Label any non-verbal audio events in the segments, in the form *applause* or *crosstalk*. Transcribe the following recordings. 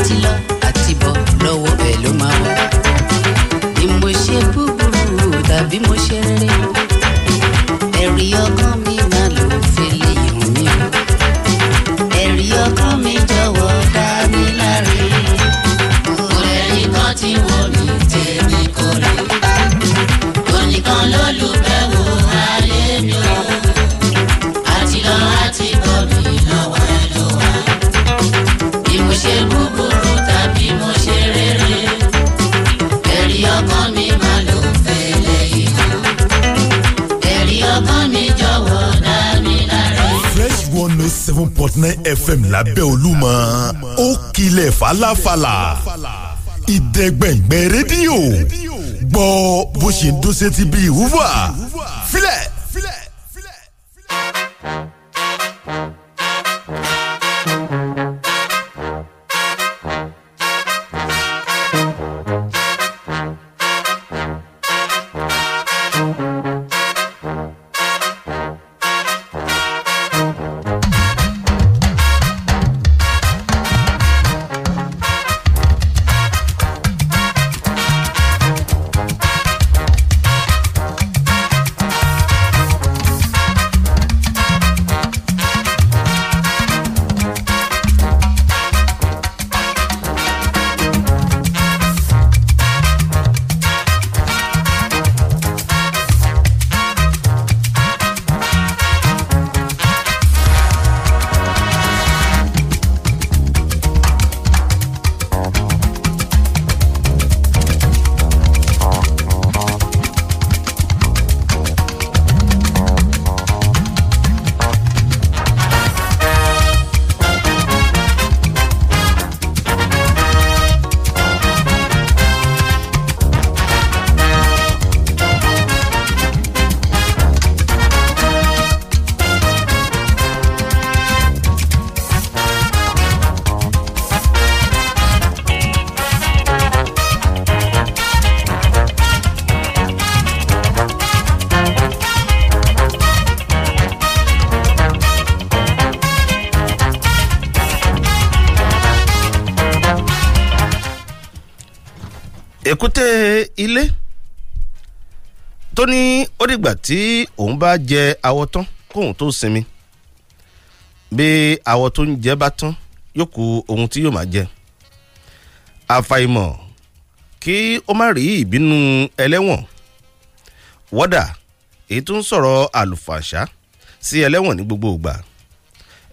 àti lọ àti bọ̀ lọ́wọ́ ẹ̀ ló máa wọ̀. bí mo ṣe búburú tàbí mo ṣe rere ẹ̀rí ọkàn mi. seven point nine fm lábẹ́ olúmọ ó kilẹ̀ falafala ìdẹ́gbẹ̀gbẹ̀ rédíò gbọ́ bó ṣe ń dún sétí bíi wúwà. tó ní ó dìgbà tí òun bá jẹ awọ tán kóun tó sinmi bí awọ tó ń jẹ bá tán yóò ku ohun tí yóò máa jẹ àfàìmọ̀ kí ó má rí ìbínú ẹlẹ́wọ̀n wọ́dà èyí tó ń sọ̀rọ̀ àlùfàṣà sí ẹlẹ́wọ̀n ní gbogbo ìgbà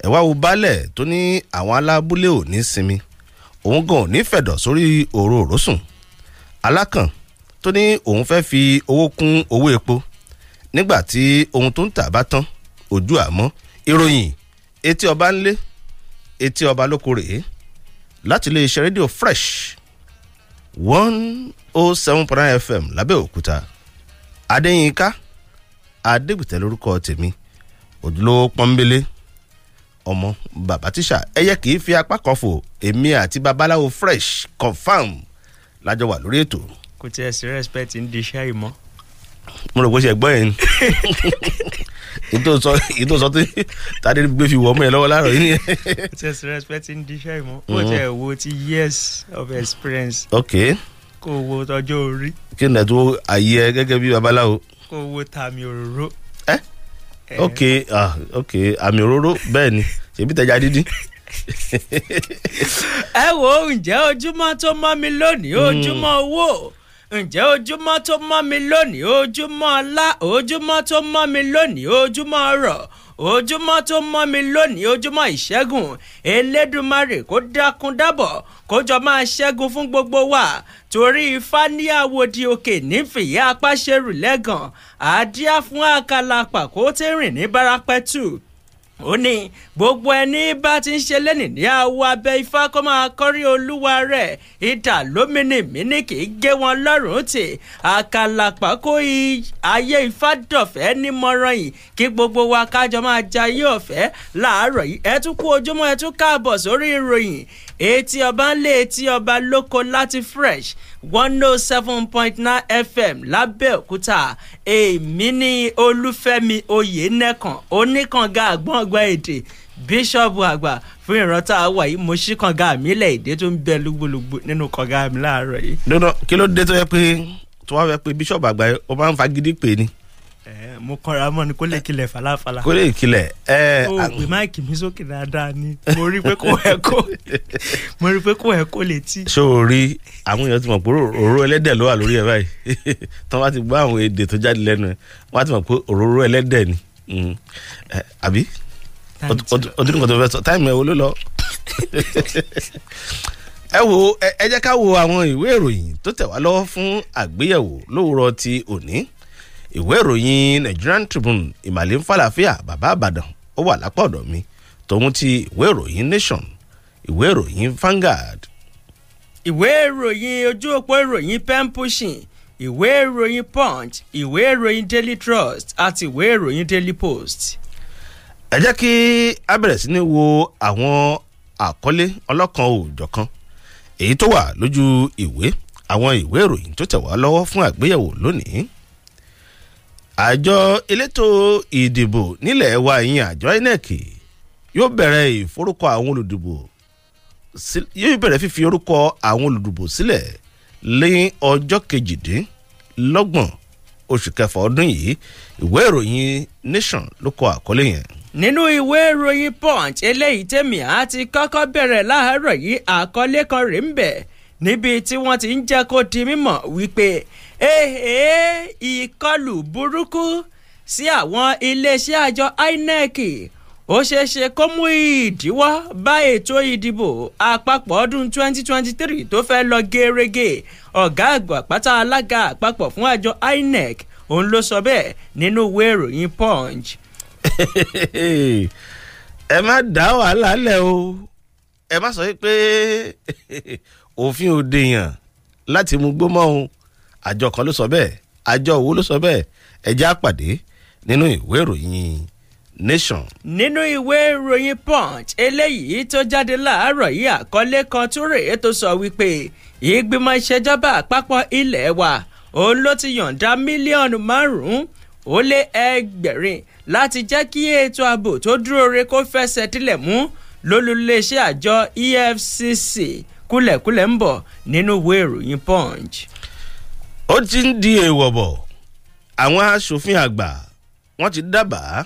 ẹ̀wá wo baálẹ̀ tó ní àwọn alábúlé ò ní sinmi òun gan ò ní fẹ̀dọ̀ sórí òru òrosùn alákàn tó ní òun fẹ́ fi owó kún owó epo nígbà tí ohun tó ń tà bá tán ojú àmọ́ ìròyìn etí ọba ńlé etí ọba lóko rèé láti iléeṣẹ́ rédíò fresh one oh seven point nine fm lábẹ́òkúta adéyínká adégbìtẹ́ lórúkọ tèmi ojúlówó pọ́nbélé ọmọ bàbá tíṣà ẹyẹ kì í fi apá kan fò èmi àti babaláwo fresh confam lájọ wà lórí ètò kò tiẹ̀ sí respect ń di iṣẹ́ ìmọ̀. mo rò pé ṣe ẹ̀gbọ́n yẹn ni ìtò *laughs* sọ tí tàdé gbé fi wọ ọmọ yẹn lọ́wọ́ láàárọ̀ yìí nìyẹn. kò tiẹ̀ sí respect ń di iṣẹ́ ìmọ̀ kò tiẹ̀ mm-hmm. wo ti years of experience. ok kò wo tọjọ́ orí. kí ni ẹ̀tọ́ ayé ẹ gẹ́gẹ́ bí babaláwo. kò wo tàmì òróró. ẹ ok ah ok àmì òróró bẹ́ẹ̀ ni ṣèbí tẹja dídín *laughs* ẹ wo ǹjẹ́ ojúmọ́ tó mọ́ mi lónìí hmm. ojúmọ́ owó ǹjẹ́ ojúmọ́ tó mọ́ mi lónìí ojúmọ́ ọlá ojúmọ́ tó mọ́ mi lónìí ojúmọ́ ọrọ̀ ojúmọ́ tó mọ́ mi lónìí ojúmọ́ ìṣẹ́gun elédùmarè kó dákun dábọ̀ kójọ máa ṣẹ́gun fún gbogbo wa torí ifá ní àwòdì òkè nífìyà apáṣerù lẹ́gàn àdíá fún àkàlà pàkó tẹ́rìn ní barapẹ́tù ó ní gbogbo ẹni bá ti ń ṣe lẹ́nì ní àwọ̀ abẹ́ ifá kó máa kọ́rí olúwa rẹ̀ ìdà lómìnì mìíní kì í gé wọn lọ́rùn tì àkàlàpà kó ayé ifá dọ̀fẹ́ ní mọ́rán yìí kí gbogbo wa kájọ máa jayé ọ̀fẹ́ láàárọ̀ yìí ẹ tún kú ojúmọ́ ẹ tún káàbọ̀ sórí ìròyìn etí ọba ń lé etí ọba lóko láti fresh one oh seven point nine fm lábẹ́òkúta èmi ní olúfẹ́mi oyènẹ́kan oníkànga àgbọ̀ngbà èdè bíṣọ̀bù àgbà fún ìran tá a wà yìí mo ṣí kànga mi ilẹ̀ èdè tó ń bẹ lúgbòlùgbò nínú kànga mi láàárọ̀ yìí. dandan kí ló dé tó yẹ pé tó wá fẹ́ pé bíṣọ̀bù àgbà yẹn o máa ń fagídí pè ní mo kọra mọ ni kó lè kilẹ̀ falafala. kó lè kilẹ̀. o pè máìkì mi sókè dáadáa ni mo rí pé kò ẹ kó *laughs* mo rí pé kò ẹ kó létí. ṣé o rí àwọn èèyàn ti mọ̀ pé òróró ẹlẹ́dẹ̀ ló wà lórí ẹ̀ báyìí *laughs* tí wọ́n ti gbọ́ àwọn èdè tó jáde lẹ́nu ẹ̀ wọ́n ti mọ̀ pé òróró ẹlẹ́dẹ̀ ni hmm. àbí ọdún kan tó fẹ́ sọ táìmù ẹ̀ wo ló lọ. *laughs* ẹ wo ẹ jẹ́ ká wo àwọn ìwé ìròyìn tó tẹ̀ wá lọ́wọ́ fún àgbéyẹ̀wò lówùrọ̀ ti òní ìwé ìròyìn Nigerian Tribune ìmàlẹ́ ń falàfíà bàbá àbàdàn ó wà lápá ọ̀dọ̀ mi tòun ti ìwé ìròyìn Nation ìwé ìròyìn Vanguard. ìwé ìròyìn ojú òpó ìròyìn pen pushing ìwé ìròyìn Punch ìwé ìròyìn Daily Trust àti ìwé ìròyìn Daily Post. ẹ jẹ́ kí a bẹ̀rẹ̀ sí ní wo àwọn àkọlé ọlọ́kan òòjọ̀kan èyí tó wà lójú ìwé àwọn ìwé ìròyìn tó tẹ̀ wá lọ́wọ́ fún àgbéyẹ̀wò lónìí àjọ elétò ìdìbò nílẹ̀ wa ìyẹn àjọ inec yóò bẹ̀rẹ̀ ìforúkọ àwọn olùdìbò yóò bẹ̀rẹ̀ fífi orúkọ àwọn olùdìbò sílẹ̀ lẹ́yìn ọjọ́ kejìdínlọ́gbọ̀n oṣù kẹfà ọdún yìí ìwé ìròyìn nation ló kọ àkọlé yẹn. nínú ìwé ìròyìn punch eléyìí tèmi á ti kọ́kọ́ bẹ̀rẹ̀ láàárọ̀ yìí àkọlé kan rèé ń bẹ̀ níbi tí wọ́n ti ń jẹ́ kó di mímọ̀ wípé ehe ìkọlù burúkú sí àwọn iléeṣẹ́ àjọ INEC ó ṣeé ṣe kó mú ìdíwọ́ bá ètò ìdìbò àpapọ̀ ọdún 2023 tó fẹ́ lọ gerege ọ̀gá àgbà pátá alága àpapọ̀ fún àjọ INEC òun ló sọ bẹ́ẹ̀ nínú ìwé ìròyìn Punch. ẹ má dá wàhálà lẹ̀ o ẹ má sọ pé òfin ò dèèyàn láti mú gbó mọ́ àjọ kan ló sọ bẹ́ẹ̀ àjọ wo ló sọ bẹ́ẹ̀ ẹjẹ́ àpàdé nínú ìwé ìròyìn nation. nínú ìwé ìròyìn punch eléyìí tó jáde láàárọ̀ yìí àkọlé kan tó rèé tó sọ wípé ìgbìmọ̀ ìṣèjọba àpapọ̀ ilé wa òun ló ti yọ̀ǹda mílíọ̀nù márùn-ún ó lé ẹgbẹ̀rin láti jẹ́ kí ètò ààbò tó dúró re kó fẹsẹ̀ tilẹ̀ mú lólùléeṣẹ́ àjọ efcc kúlẹ̀kúlẹ̀ ń bọ̀ nínú ìwé ìròyìn punch ó ti ń di èèwọ̀ bọ̀ àwọn aṣòfin àgbà wọ́n ti dábàá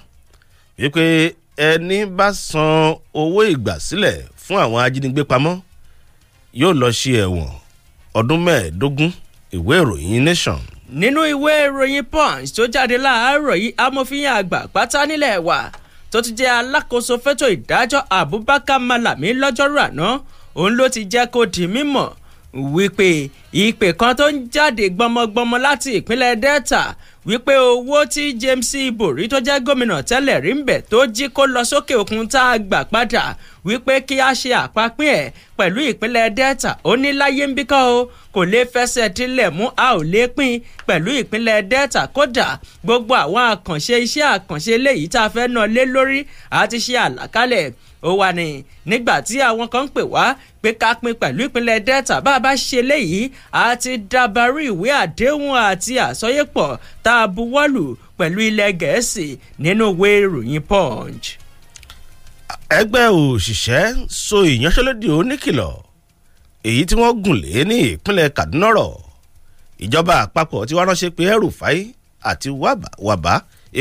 wípé ẹni bá san owó ìgbàsílẹ̀ fún àwọn ajínigbé pamọ́ yóò lọ sí ẹ̀wọ̀n ọdún mẹ́ẹ̀ẹ́dógún ìwé ìròyìn nation nínú ìwé ìròyìn punch tó jáde láàárọ̀ yìí amòfin àgbà pátá nílẹ̀ wa tó ti jẹ́ alákòóso fẹ́tò ìdájọ́ Abubakar Malami lọ́jọ́rú àná òun ló ti jẹ́ kó di mímọ̀ wípé ìpè kan tó ń jáde gbọmọgbọmọ láti ìpínlẹ̀ delta wípé owó tí James Ibori tó jẹ́ gómìnà tẹ́lẹ̀ rí ń bẹ̀ tó jí kó lọ sókè òkun tá a gbà padà wípé kí a ṣe àpapín ẹ̀ pẹ̀lú ìpínlẹ̀ delta ó ní láyé ń bí kọ́ o kò lè fẹsẹ̀ tilẹ̀ mú a ò lè pín pẹ̀lú ìpínlẹ̀ delta kódà gbogbo àwọn àkànṣe iṣẹ́ àkànṣe eléyìí tá a fẹ́ náà lé lórí àti ṣe àlàkalẹ̀ ó wà ní nígbà tí àwọn kan ń pè wá pé ká pín pẹ̀lú ìpínlẹ̀ delta bá a bá ṣe léyìí àti dabarí ìwé àdéhùn àti àsọyépọ̀ tá a buwọ́lù pẹ̀lú ilẹ̀ gẹ̀ẹ́sì nínú ìwé ìròyìn punch. ẹgbẹ́ òṣìṣẹ́ so ìyanṣẹ́lódì oníkìlọ̀ èyí tí wọ́n gùn lé ní ìpínlẹ̀ kaduna rọ̀ ìjọba àpapọ̀ tí wọ́n ránṣẹ́ pé El-Rufai àti wàbá wàbá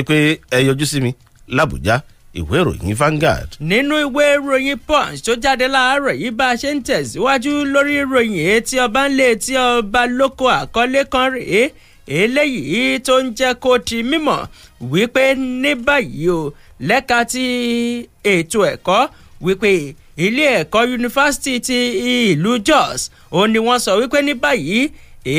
pé ẹ yọjú sí mi làbújá ìwé ìròyìn Vanguard. nínú ìwé ìròyìn Punch tó jáde láàárọ̀ yìí bá a ṣe ń tẹ̀síwájú lórí ìròyìn etí ọba ń lé etí ọba lóko àkọlé kan rèé eléyìí tó ń jẹ́ kó ti mímọ̀ wípé ní báyìí o lẹ́ka ti ètò ẹ̀kọ́ wípé ilé ẹ̀kọ́ yunifásitì ti ìlú Jos òun ni wọ́n sọ wípé ní báyìí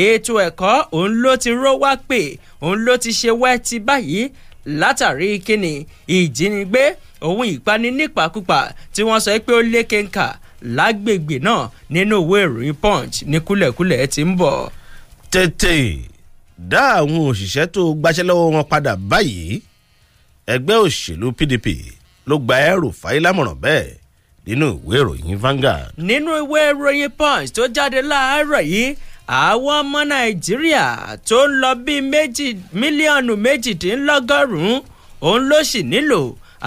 ètò ẹ̀kọ́ òun ló ti ró pè òun ló ti ṣe wẹ́ẹ̀tì báyìí látàrí kíni ìjínigbé òun ìpani nípakúpa tí wọ́n sọ pé ó lékenkà lágbègbè náà nínú ìwé ìròyìn punch ní kúlẹ̀kúlẹ̀ ti ń bọ̀. tètè dá àwọn òṣìṣẹ́ tó gbaṣẹ́ lọ́wọ́ wọn padà báyìí ẹgbẹ́ òṣèlú pdp ló gba ẹrù fàyè lámọ̀ràn bẹ́ẹ̀ nínú ìwé ìròyìn Vanguard. nínú ìwé ìròyìn punch tó jáde láàárọ̀ yìí àwọn ọmọ nàìjíríà tó ń lọ bíi méjì mílíọ̀nù méjìdínlọ́gọ́rùn-ún òun ló sì nílò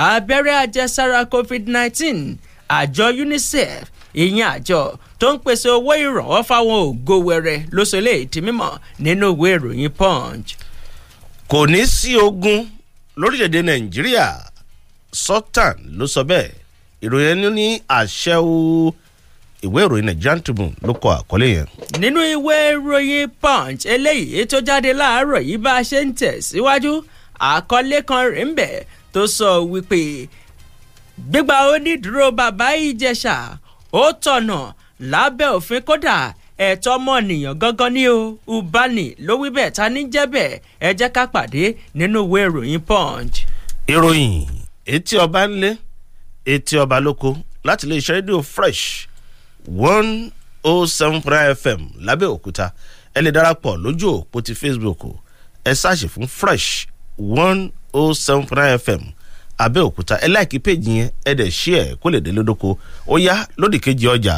abẹ́rẹ́ àjẹsára covid-19 àjọ unicef ìyẹn àjọ tó ń pèsè owó ìrànwọ́ fáwọn ògo wẹrẹ ló sọ lè di nínú ìwé ìròyìn punch. kò ní sí ogun lórílẹ̀‐èdè nàìjíríà sultan ló sọ bẹ́ẹ̀ ìròyìn ẹni ní àṣẹ o ìwé ìròyìn Nigerian Tribune ló kọ àkọlé yẹn. nínú ìwé ìròyìn Punch eléyìí tó jáde láàárọ̀ yìí bá a ṣe ń tẹ̀síwájú àkọlé kan rèé ń bẹ̀ tó sọ wípé gbígba onídùúró bàbá Ìjẹ̀ṣà ó tọ̀nà lábẹ́ òfin kódà ẹ̀tọ́ ọmọnìyàn gangan ni o ubani ló wí bẹ́ẹ̀ ta ní jẹ́ bẹ́ẹ̀ ẹ jẹ́ ká pàdé nínú ìwé ìròyìn Punch. ìròyìn etí ọba ńlé etí ọba lóko láti iléeṣẹ́ rédíò Fresh one oh seven point fm lábẹ́òkúta ẹ lè darapọ̀ lójú òpó ti facebook ẹ sáàṣì fún fresh one oh seven point fm abẹ́òkúta ẹ láìkí péjì yẹn ẹ dẹ̀ ṣí ẹ̀ kó lè dé lódoko ó yá lódì kejì ọjà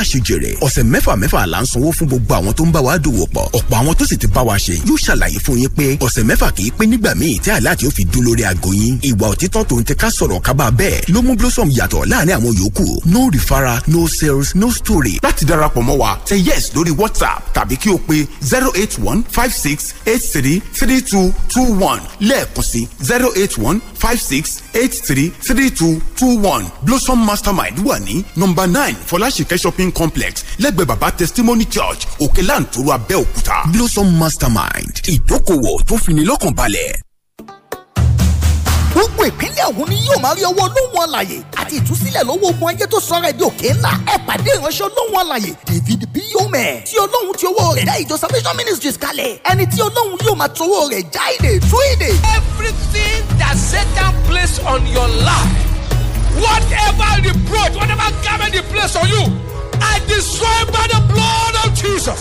aláṣejèrè ọ̀sẹ̀ mẹ́fà mẹ́fà là ń sanwó fún gbogbo àwọn tó ń bá wa dòwò pọ̀ ọ̀pọ̀ àwọn tó sì ti bá wa ṣe yóò ṣàlàyé fún yín pé ọ̀sẹ̀ mẹ́fà kì í pé nígbà míì tí aláàtì ó fi dún lórí aago yín ìwà òtítọ́ tó ń tẹ ká sọ̀rọ̀ kábà bẹ́ẹ̀ ló mú blossom yàtọ̀ láàrin àwọn yòókù no referral no sales no story. láti darapọ̀ mọ́ wa tẹ yes lórí whatsapp tàbí kí o pe zero eight one five six eight three three two two one lẹ́ẹ̀kan sí zero eight one five six eight three three two two one blossom mastermind wà ní nọ́mbà nine fọláṣìkẹ́ shopping complex lẹ́gbẹ̀ẹ́ baba testimony church òkèlàntúrú abẹ́òkúta blossom mastermind ìdókòwò tó fini lọ́kànbalẹ̀ gbogbo ìpínlẹ̀ ọ̀hún ni yóò máa rí ọwọ́ olóhùn ọ̀làyè àti ìtúsílẹ̀ lọ́wọ́ ogun ayé tó sọ rẹ̀ di òkè ńlá ẹ pàdé ìránṣẹ́ olóhùn ọ̀làyè David p yomẹ tí olóhùn ti owó rẹ̀ dá ìjọ Salvation Ministries kalẹ̀ ẹni tí olóhùn yóò máa towó rẹ̀ já ìdè tú ìdè. Everything that Satan place on your life whatever reproach whatever garment he place on you I destroy by the blood of Jesus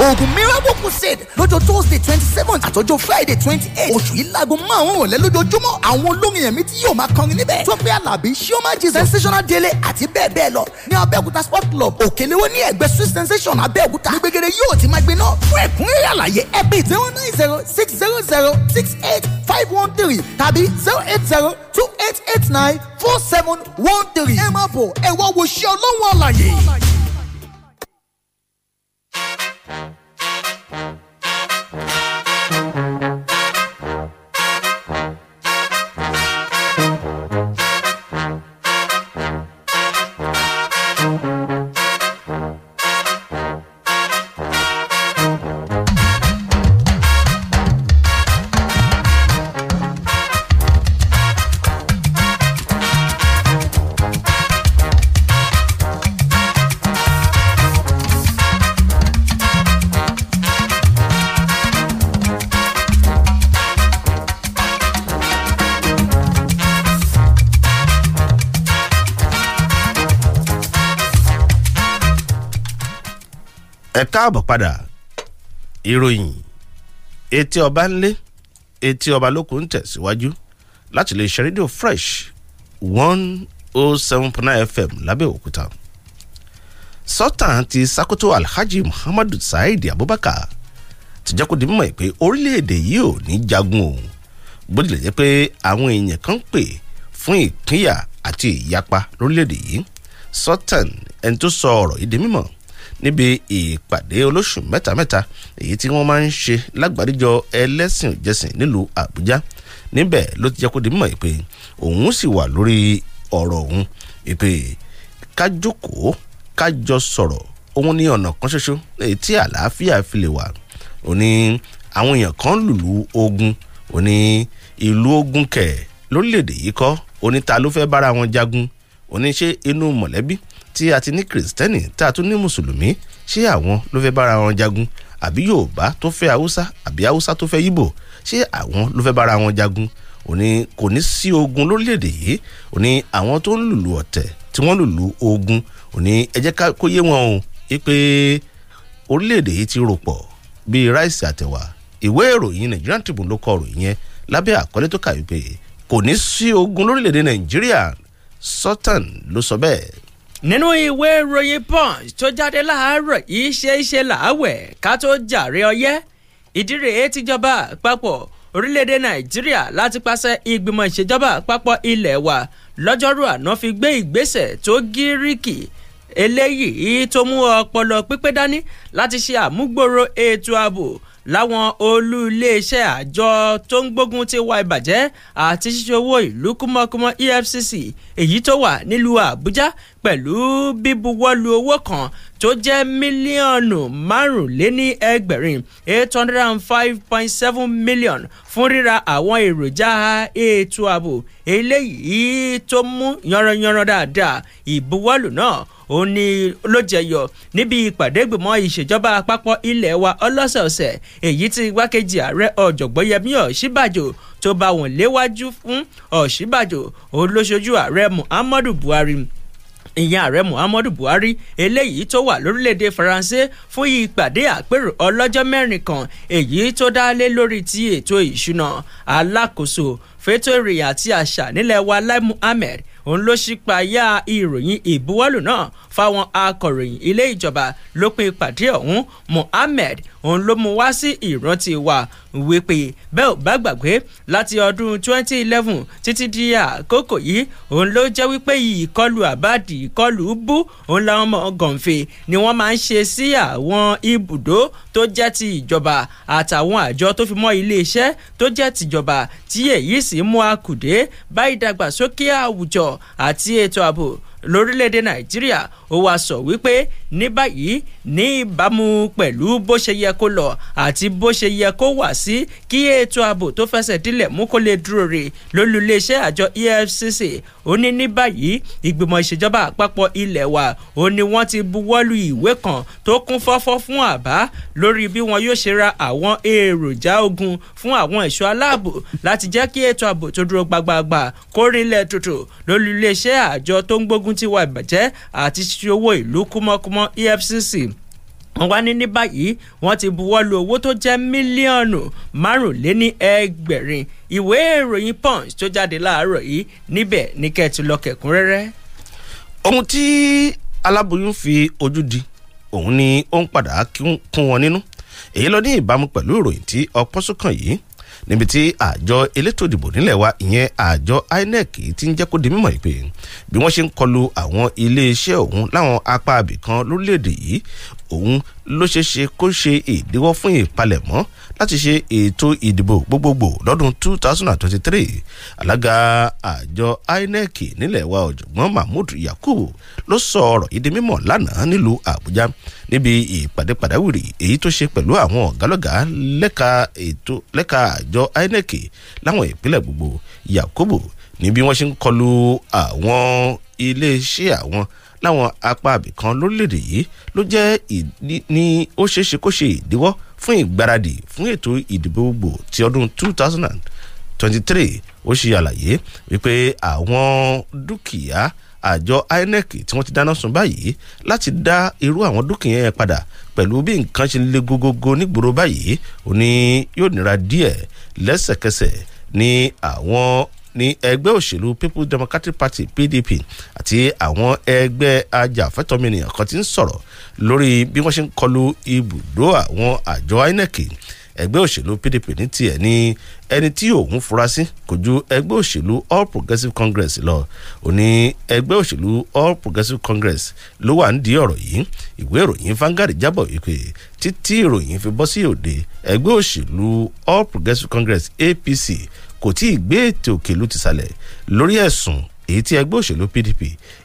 oògùn miracle crusade lọ́jọ́ tuesday twenty seven àtọ́jọ́ friday twenty eight oṣù yìí láago márùn-ún òlẹ́ lójoojúmọ́ àwọn olórin ẹ̀mí tí yóò máa kọrin níbẹ̀ tọ́pẹ́ alábí ṣíọ́má jesus sensational délé àti bẹ́ẹ̀ bẹ́ẹ̀ lọ ní abẹ́òkúta sport club òkèlèwọ́ ní ẹ̀gbẹ́ sweet sensation abẹ́òkúta ní gbẹgẹdẹ yóò ti máa gbé náà fún ẹ̀kúnrẹ́rẹ́ àlàyé ẹ pè zero nine zero six zero zero six eight five one three tàbí zero eight zero two eight eight nine four seven one three ẹ máa bọ̀ ẹ wá wo ṣé ọlọ́run Thank you. ẹ káàbọ̀ padà ìròyìn etí ọba ńlé etí ọba lókun ń tẹ̀síwájú láti lè ṣe rédíò fresh one oh seven point nine fm lábẹ́òkúta sọ́tàn ti sakoto alhaji muhammadu saheed abubakar ti jẹ́ kó di mímọ̀ pé orílẹ̀-èdè yìí ò ní jagun o bó tilẹ̀ jẹ́ pé àwọn èèyàn kan pè fún ìpínyà àti ìyapa lórílẹ̀-èdè yìí sọ́tàn ẹni tó sọ ọ̀rọ̀ yìí di mímọ̀ níbi ìpàdé olóṣù mẹ́tamẹ́ta èyí tí wọ́n máa ń ṣe lágbàdíjọ ẹlẹ́sìn òjẹsìn nílùú àbújá níbẹ̀ ló ti jẹ́ kó di mímọ̀ ìpè òun sì wà lórí ọ̀rọ̀ òun ìpè kájókòó kájọ sọ̀rọ̀ òun ní ọ̀nà kan ṣoṣo èyí tí àlàáfíà fi lè wà ó ní àwọn èèyàn kan lùlù ogun ó ní ìlú ogun kẹ̀ lórílẹ̀‐èdè yìí kọ́ ó ní ta ló fẹ́ bára wọn jagun ó ní ṣe inú mọ̀lẹ́bí tí a ti ní kìrìsìtẹ́nì tá a tún ní mùsùlùmí ṣé àwọn ló fẹ́ bára wọn jagun àbí yorùbá tó fẹ́ haúsá àbí haúsá tó fẹ́ yíbò ṣé àwọn ló fẹ́ bára wọn jagun òní kò ní sí ogun lórílẹ̀‐èdè yìí òní àwọn tó ń lùlù ọ̀tẹ̀ tí wọ́n lùlù ogun òní ẹ jẹ́ kó yé wọn o pé orílẹ̀‐èdè yìí ti rò pọ̀ bíi ráìsì àtẹ̀wà ìwé ìròyìn Nigerian Tribune ló kọ yẹn lábẹ́ àkọlé tó kà wípé kò ní sí ogun lórílẹ̀‐èdè Nàìjíríà Sultan ló sọ bẹ́ẹ̀ nínú ìwé ìròyìn punch tó jáde láàárọ̀ yìí ṣe é ṣe làáwẹ̀ ká tó jàre ọyẹ́ ìdí rèé tíjọba àpapọ̀ orílẹ̀-èdè nàìjíríà láti pàṣẹ ìgbìmọ̀ ìṣèjọba àpapọ̀ ilẹ̀ wa lọ́jọ́rú àná fi gbé ìgbésẹ̀ tó gíríkì eléyìí tó mú ọpọlọ pípé dání láti ṣe àmúgbòrò ètò ààbò láwọn olú iléeṣẹ́ àjọ tó ń gbógun ti wa ìbàjẹ́ àti ṣíṣe owó ìlú kúmọ́kúmọ́ EFCC èyí tó wà nílùú Àbújá pẹ̀lú bíbuwọ́lu owó kan tó jẹ́ mílíọ̀nù márùnléní ẹgbẹ̀rin eight hundred and five point seven million fún ríra àwọn èròjà ètò ààbò eléyìí tó mú yanranyanran dáadáa ìbuwọ́lù náà ó ní ló jẹyọ níbi ìpàdé ìgbìmọ̀ ìṣèjọba àpapọ̀ ilẹ̀ wa ọlọ́sọ̀ọ̀sẹ̀ èyí tí igbákejì ààrẹ ọ̀jọ̀gbọ́n yẹmí ọ̀ṣíbàjò tó bá wọn léwájú fún ọ̀ṣíbàjò olóṣojú ààrẹ muhammadu buhari ìyẹn ààrẹ muhammadu buhari eléyìí tó wà lórílẹ̀‐èdè faransé fún ìpàdé àpérò ọlọ́jọ́ mẹ́rin kan èyí tó dá lé lórí ti ètò ìṣúná alákòóso fẹ́tò ìròyìn àti àṣà nílẹ̀ wa Lai Muhammed òun ló ṣípayá ìròyìn ìbuwọ́lù náà fáwọn akọ̀ròyìn ilé ìjọba lópin ìpàdé ọ̀hún Muhammed òun ló mú wá sí ìrántí wa wípé bẹ́ẹ̀ ò bá gbàgbé láti ọdún 2011 títí di àkókò yìí òun ló jẹ́ wípé ìkọlù àbáàdì ìkọlù bú òun làwọn ọmọ gànfẹ́ ni wọ́n máa ń ṣe sí àwọn ibùdó tó jẹ́ ti ìjọba àtàwọn àjọ tó fi mọ́ iléeṣẹ́ tó jẹ́ tìjọba tí èyí sì sì mú akùdé bá ìdàgbàsókè àwùjọ àti ètò ààbò lórílẹ̀‐èdè nàìjíríà ó wàá sọ wípé ní báyìí ní ìbámu pẹ̀lú bó ṣe yẹ kó lọ àti bó ṣe yẹ kó wà sí kí ètò ààbò tó fẹsẹ̀ dílẹ̀ mú kó lè dúró rè lólùléeṣẹ́ àjọ EFCC ó ní ní báyìí ìgbìmọ̀ ìṣèjọba àpapọ̀ ilẹ̀ wa ó ní wọ́n ti buwọ́lu ìwé kan tó kún fọ́fọ́ fún àbá lórí bí wọn yóò ṣe ra àwọn èròjà ogun fún àwọn ẹ̀ṣọ́ aláàbò láti jẹ́ kí ètò ààbò tó dúró gbagbagba kó rinlẹ̀ tutù lólùléeṣẹ́ àjọ tó ń gbógun tiwa ìbàjẹ́ àti ṣòwò ìlú kúmọ́kúmọ́ EFCC wọ́n ní ní báyìí wọ́n ti buwọ́lu owó tó jẹ́ mílíọ̀nù márùnléní ìwé ìròyìn punch tó jáde láàárọ̀ yìí níbẹ̀ ní kẹ́ẹ̀tì lọ́kẹ̀kúnrẹ́rẹ́. ohun tí aláboyún fi ojú di òun ni ó ń padà kún wọn nínú èyí lọ ní ìbámu pẹ̀lú ìròyìn tí ọpọ́sùnkàn yìí níbi tí àjọ elétò ìdìbò nílẹ̀ wa ìyẹn àjọ inec ti ń jẹ́ kó di mímọ̀ ìpè bí wọ́n ṣe ń kọlu àwọn iléeṣẹ́ òun láwọn apá abìkan lórílẹ̀‐èdè yìí òun ló ṣeé ṣe kó ṣe ìdíwọ́ fún ìpalẹ̀mọ́ láti ṣe ètò ìdìbò gbogbogbò lọ́dún 2023 alága àjọ INEC nílẹ̀ wa ọ̀jọ̀gbọ́n Mahmood Yakubu ló sọ ọ̀rọ̀ yìí di mímọ̀ lánàá nílùú Àbújá níbi ìpàdé pàdáwìrì èyí tó ṣe pẹ̀lú àwọn ọ̀gálọ́gà lẹ́ka ètò lẹ́ka àjọ INEC láwọn ìpínlẹ̀ gbogbo Yakubu ní bí wọ́n ṣe ń kọlu àwọn iléeṣẹ́ àwọn láwọn apá àbìkan lórílẹ̀‐èdè yìí ló jẹ́ ní ó ṣeé ṣe kó ṣe ìdíwọ́ fún ìgbáradì fún ètò ìdìbò gbò ti ọdún three ó ṣe àlàyé wípé àwọn dúkìá àjọ INEC tí wọ́n ti dáná sun báyìí láti dá irú àwọn dúkìá yẹn padà pẹ̀lú bí nǹkan ṣe le gogogo nígboro báyìí ó ní yóò nira díẹ̀ lẹ́sẹ̀kẹsẹ̀ ni àwọn Ni ẹgbẹ́ òṣèlú People's Democratic Party PDP àti àwọn ẹgbẹ́ ajàfẹ́tọ̀mìnìyàn kan ti ń sọ̀rọ̀ lórí bí wọ́n ṣe ń kọlu ibùdó àwọn àjọ INEC ẹgbẹ́ òṣèlú PDP ní tiẹ̀ ni ẹni tí òun fura sí kò ju ẹgbẹ́ òṣèlú All Progressives Congress lọ ó ní ẹgbẹ́ òṣèlú All Progressives Congress ló wà nídìí ọ̀rọ̀ yìí ìwé ìròyìn Vanguard jábọ̀ wípé títí ìròyìn fi bọ́ sí òde ẹgbẹ́ òṣèlú All Progressives Congress APC kò tí ì gbé ètò òkèlú ti sàlẹ̀ lórí ẹ̀sùn èyí tí ẹgbẹ́ òṣèlú pdp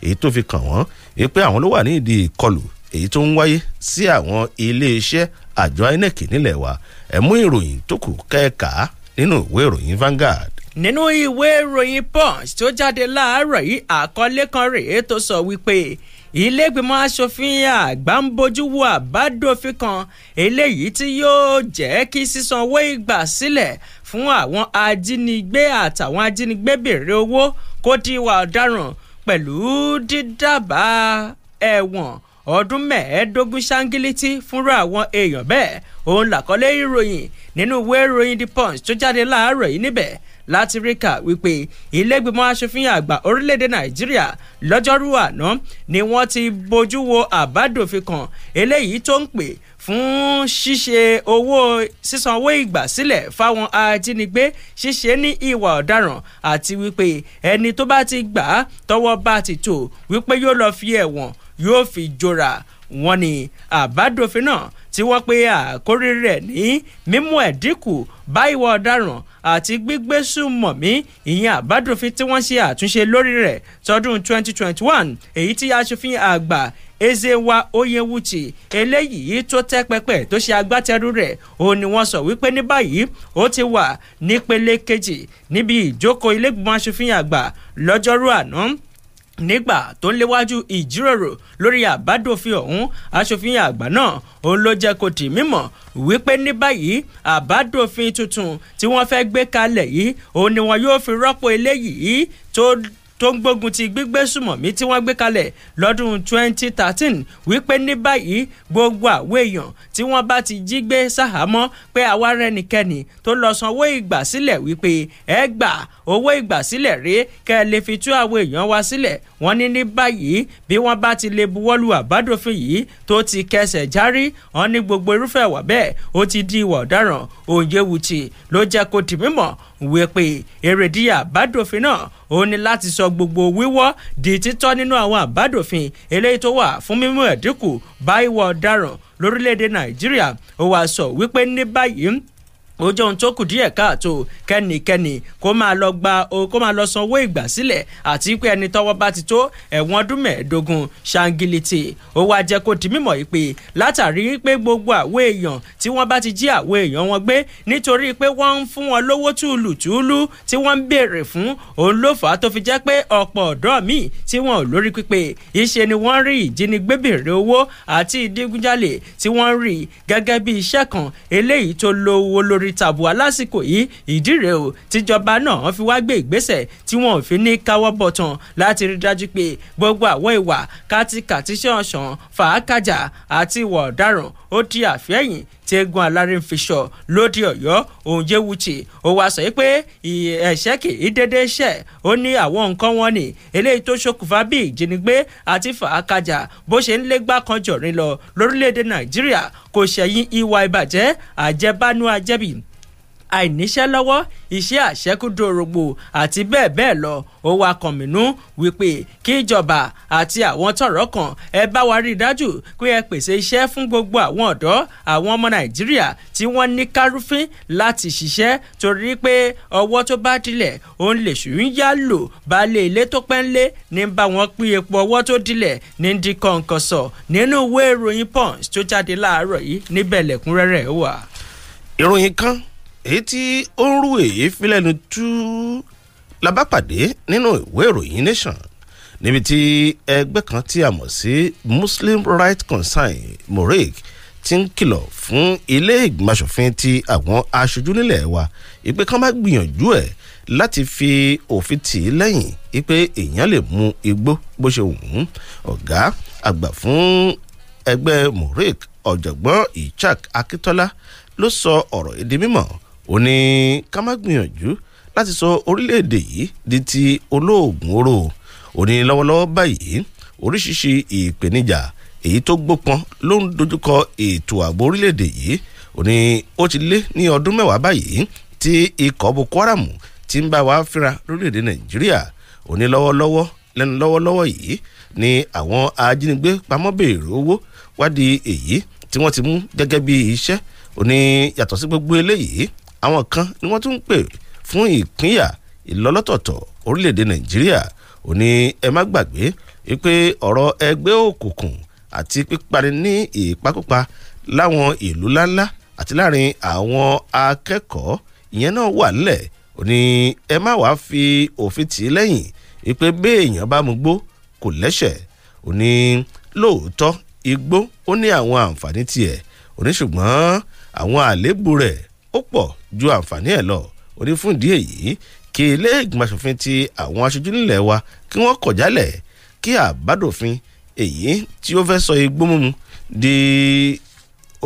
èyí tó fi kàn wọ́n wípé àwọn ló wà ní ìdí ìkọlù èyí tó ń wáyé sí àwọn iléeṣẹ́ àjọ inec nílẹ̀ wa ẹ̀ mú ìròyìn tó kù kẹ́ẹ̀ka nínú ìwé ìròyìn Vanguard nínú ìwé ìròyìn punch tó jáde láàárọ̀ yìí àkọlé kan rèé tó sọ wípé ilégbìmọ̀ asòfin àgbà ń bójú wo àbádòfin kan eléyìí tí yóò jẹ́ kí sísanwó ìgbà sílẹ̀ fún àwọn ajínigbé àtàwọn ajínigbé béèrè owó kó díwà ọ̀daràn pẹ̀lú dídábàá ẹ̀wọ̀n ọdún mẹ́ẹ̀ẹ́dógún ṣáńgílítì fúnra àwọn èèyàn bẹ́ẹ̀ òun làkọ́lé ìròyìn nínú ìwé ìròyìn the punch tó jáde láàárọ̀ yìí níbẹ̀ láti rí kà wípé ilégbèmọ̀ aṣòfin àgbà orílẹ̀-èdè nàìjíríà lọ́jọ́rú àná ni wọ́n ti bójú wo àbádòfin kan eléyìí tó ń pè fún ṣíṣe owó sísan owó ìgbà sílẹ̀ fáwọn ajínigbé ṣíṣe ní ìwà ọ̀daràn àti wípé ẹni tó bá ti gbà tọwọ́ bá ti tò wípé yóò lọ fi ẹ̀wọ̀n yóò fi jọra wọ́n ní àbádòfin náà tí wọ́n pe àkórí rẹ̀ ní mímú ẹ̀dínkù bá ìwà ọ̀daràn àti gbígbé sùmọ̀mí ìyẹn àbádòfin tí wọ́n ṣe àtúnṣe lórí rẹ̀ tọdún 2021 èyí tí aṣòfin àgbà Ezewa Oyewuchi eléyìí tó tẹ́ pẹpẹ tó ṣe agbátẹrù rẹ̀ òun ni wọ́n sọ wípé ní báyìí ó ti wà nípele kejì níbi ìjókòó ilégbèmọ̀ aṣòfin àgbà lọ́jọ́rú àná nígbà tó ń léwájú ìjíròrò lórí àbádòfin ọ̀hún aṣòfin àgbà náà òun ló jẹ́ kó di mímọ̀ wípé ní báyìí àbádòfin tuntun tí wọ́n fẹ́ gbé kalẹ̀ yìí òun ni wọn yóò fi rọ́pò eléyìí tó tó ń gbógun ti gbígbé sùmọ̀mí tí wọ́n gbé kalẹ̀ lọ́dún 2013 wípé ní báyìí gbogbo àwọn èèyàn tí wọ́n bá ti jí gbé sàhámọ́ pé àwa rẹnikẹ́ni tó lọ sanwó ìgbàsílẹ̀ wípé ẹ gbà owó ìgbàsílẹ̀ rí kẹ́ ẹ lè fi tú àwọn èèyàn wa sílẹ̀ wọ́n ní ní báyìí bí wọ́n bá ti lè buwọ́lu àbádòfin yìí tó ti kẹsẹ̀ járí wọ́n ní gbogbo irúfẹ́ wà bẹ́ẹ̀ ó ti di ìwà ọ̀daràn òǹyẹ̀wùtì ló jẹ́ kó di mímọ̀ wípé èrèdíyà àbádòfin náà ó ní láti sọ gbogbo wíwọ́ di títọ́ nínú àwọn àbádòfin eléyìí tó wà fún mímú ẹ̀dínkù bá ìwà ọ̀daràn lórílẹ̀‐èdè nàìjíríà ó wàá sọ wípé ní báyìí ó jẹ́ ohun tó kù díẹ̀ káàtó kẹ́nikẹ́ni kó máa lọ gba kó máa lọ sanwó ìgbàsílẹ̀ àti pé ẹni tọ́wọ́ bá ti tó ẹ̀wọ̀n ọdún mẹ́ẹ̀ẹ́dógún ṣangiliti ó wáá jẹ́ kó di mímọ̀ yìí pé látàrí pé gbogbo àwọn èèyàn tí wọ́n bá ti jí àwọn èèyàn wọn gbé nítorí pé wọ́n ń fún wọn lówó túlùtúlù tí wọ́n ń béèrè fún òun ló fà á tó fi jẹ́ pé ọ̀pọ̀ ọ̀dọ́ míì tí wọn ò lórí pípé iṣẹ́ ni wọ́n rí ìjínigbé owó àti ìdígunjalè tí wọ́n rí lórí tàbùwà lásìkò yìí ìdí rèé o tíjọba náà fi wá gbé ìgbésẹ̀ tí wọn ò fi ní káwọ́ bọ̀tàn láti rí dájú pé gbogbo àwọn ìwà kátikàti ṣọ̀ṣàn fàákàjà àti ìwà ọ̀daràn ó di àfẹ́yìn tí eégún alárè ń fi sọ lóde ọ̀yọ́ Onyewuchi ó wá sọ pé ẹ̀ṣẹ̀ kì í dédé ṣẹ̀ ó ní àwọn nǹkan wọn ni eléyìí tó ṣokùnfà bí ìjínigbé àti fàákàjà bó ṣe ń légbá kan jọ̀rin lọ lórílẹ̀‐èdè Nàìjíríà kò ṣẹ̀yìn ìwà ìbàjẹ́ àjẹbánu àjẹbí àìníṣẹ́ lọ́wọ́ iṣẹ́ àṣekúdòrògbò àti bẹ́ẹ̀ bẹ́ẹ̀ lọ ó wá kàn mínú wípé kí ìjọba àti àwọn tọ́rọ̀ kàn ẹ bá wa rí i dájú pé ẹ pèsè iṣẹ́ fún gbogbo àwọn ọ̀dọ́ àwọn ọmọ nàìjíríà tí wọ́n ní kárúfín láti ṣiṣẹ́ torí pé ọwọ́ tó bá dilẹ̀ òun lè ṣùgbọ́n yá lò baálé ilé tó pẹ́ ń lé ní bá wọn pín epo ọwọ́ tó dilẹ̀ ní di kọ̀ǹkan sọ nínú ìwé ìròyìn punch tó jáde láàárọ̀ yìí níbẹ̀ lẹ́kúnrẹ́rẹ́ wà. ìròyìn kan èyí tí ó ń rú èyí fílẹ̀nu tú labápàdé nínú ìwé ìròyìn nation níbi tí ẹgbẹ́ kan tí a mọ̀ sí Muslim right Concern MORIC ti ń kìlọ̀ fún ilé ìgbìmọ̀ asòfin ti àwọn aṣojú nílẹ̀ wa ìpè kan bá gbìyànjú ẹ̀ láti fi òfin tì í lẹ́yìn ìpè èèyàn lè mu igbó bó ṣe wù ú ọ̀gá àgbà fún ẹgbẹ́ MORIC ọ̀jọ̀gbọ́n Ichak Akitola ló sọ ọ̀rọ̀ yìí di ó ní ká má gbìyànjú láti sọ orílẹ̀-èdè yìí di ti olóògùn oró ó ní lọ́wọ́lọ́wọ́ báyìí oríṣiríṣi ìpèníjà èyí tó gbópọn ló ń dojúkọ ètò ààbò orílẹ̀-èdè yìí ó ní ó ti lé ní ọdún mẹ́wàá báyìí tí ikọ̀ boko haram ti ń bá wa fínra lórílẹ̀-èdè nàìjíríà ó ní lọ́wọ́lọ́wọ́ lẹ́nu lọ́wọ́lọ́wọ́ yìí ni àwọn ajínigbé pamọ́ béèrè owó wádìí èyí tí wọ́n ti mú gẹ́gẹ́ bí iṣẹ́ ó ní yàtọ̀ sí gbogbo eléyìí àwọn kan ni wọ́n tún ń pè fún ìpínyà ìlọ́lọ́tọ̀ọ̀tọ̀ orílẹ̀-èdè nàìjíríà ó ní ẹ má gbàgbé wípé ọ̀rọ̀ ẹgbẹ́ òkùnkùn àti pípani ní ìpakúpa láwọn ìlú ńláńlá àti láàrin àwọn akẹ́kọ̀ọ́ ìyẹn náà wà nílẹ̀ ó ní ẹ má wàá fi òfin tì í lẹ́yìn wípé béèyàn bá mu gbó kò lẹ́sẹ̀ ó ní lóòótọ́ igbó ó ní àwọn àǹfààní tiẹ̀ ó ní ṣùgbọ́n àwọn àléébù rẹ̀ ó pọ̀ ju àǹfààní ẹ̀ lọ ó ní fún ìdí èyí kí ilé ìgbìmọ̀ asòfin ti àwọn aṣojú nílẹ̀ wa kí wọ́n kọ̀ jálẹ̀ kí àbádòfin èyí tí ó fẹ́ sọ igbó mímu di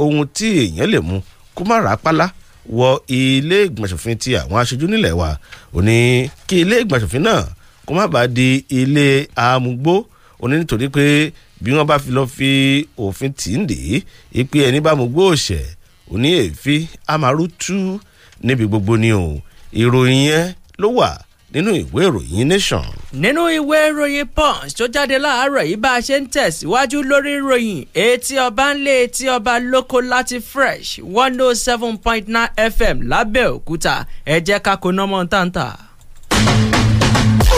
ohun tí èèyàn lè mu kó má ràápálá wọ ilé ìgbìmọ̀ asòfin ti àwọn aṣojú nílẹ̀ wa ó ní kí ilé ìgbìmọ̀ asòfin náà kó má bàa di ilé amúgbó ó ní nítorí pé bí wọ́n bá fi lọ́ọ́ fi òfin tì í dè é ipe ẹni bá mú gbó òṣẹ̀ ní èéfín amárútú níbi gbogbo ni o ìròyìn yẹn ló wà nínú ìwé ìròyìn nation. nínú ìwé ìròyìn punch tó jáde láàárọ̀ yìí bá a ṣe ń tẹ̀síwájú lórí ìròyìn etí ọba ń lé etí ọba lóko láti fresh one oh seven point nine fm lábẹ́òkúta ẹ jẹ́ ká kó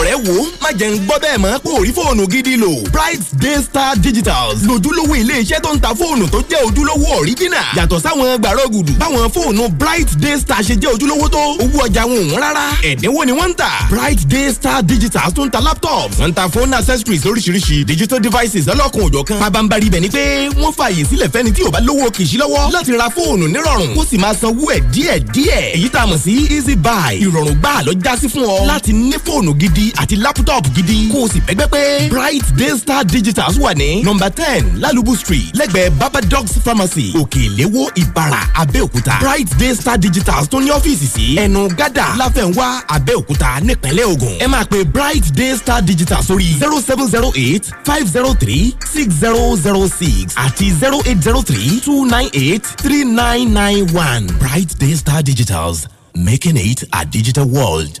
ọ̀rẹ́ wo má jẹ́ ń gbọ́ bẹ́ẹ̀ mọ́ pé orí fóònù gidi lò bright daystar digitals lójúlówó iléeṣẹ́ tó ń ta fóònù tó jẹ́ ojúlówó ọ̀ríjìnà yàtọ̀ sáwọn gbàrọ́gùdù báwọn fóònù bright daystar ṣe jẹ́ ojúlówó tó owó ọjà wọn òun rárá ẹ̀dínwó ni wọ́n ń tà bright daystar digitals tó ń ta laptops wọ́n ń ta phone accessories lóríṣiríṣi digital devices ọlọ́kun òjọ̀kan pabambari ibẹ̀ ni pé wọ́n fààyè sílẹ̀ fẹ́ni tí ò bá lówó kìṣí lọ́wọ́ láti ra fóònù nírọ̀rùn kó sì easy buy ìrọ̀rùn gbà lọ jásí fún ọ láti ní fóònù gidi gidi àti lápútọ̀pù gidi kó o sì bẹ́gbẹ́ pé bright daystar digitals wà ní nọ́mbà ten lalubu street lẹ́gbẹ̀ẹ́ baba dogs pharmacy òkèléwó ìbàrà abẹ́òkúta bright daystar digitals tó ní ọ́fíìsì sí ẹnu gádà láfẹ̀nwá abẹ́òkúta nípínlẹ̀ Ògùn ẹ máa pe bright daystar digitals sórí zero seven zero eight five zero three six zero zero six àti zero eight zero three two nine eight three nine nine one bright daystar digitals making it a digital world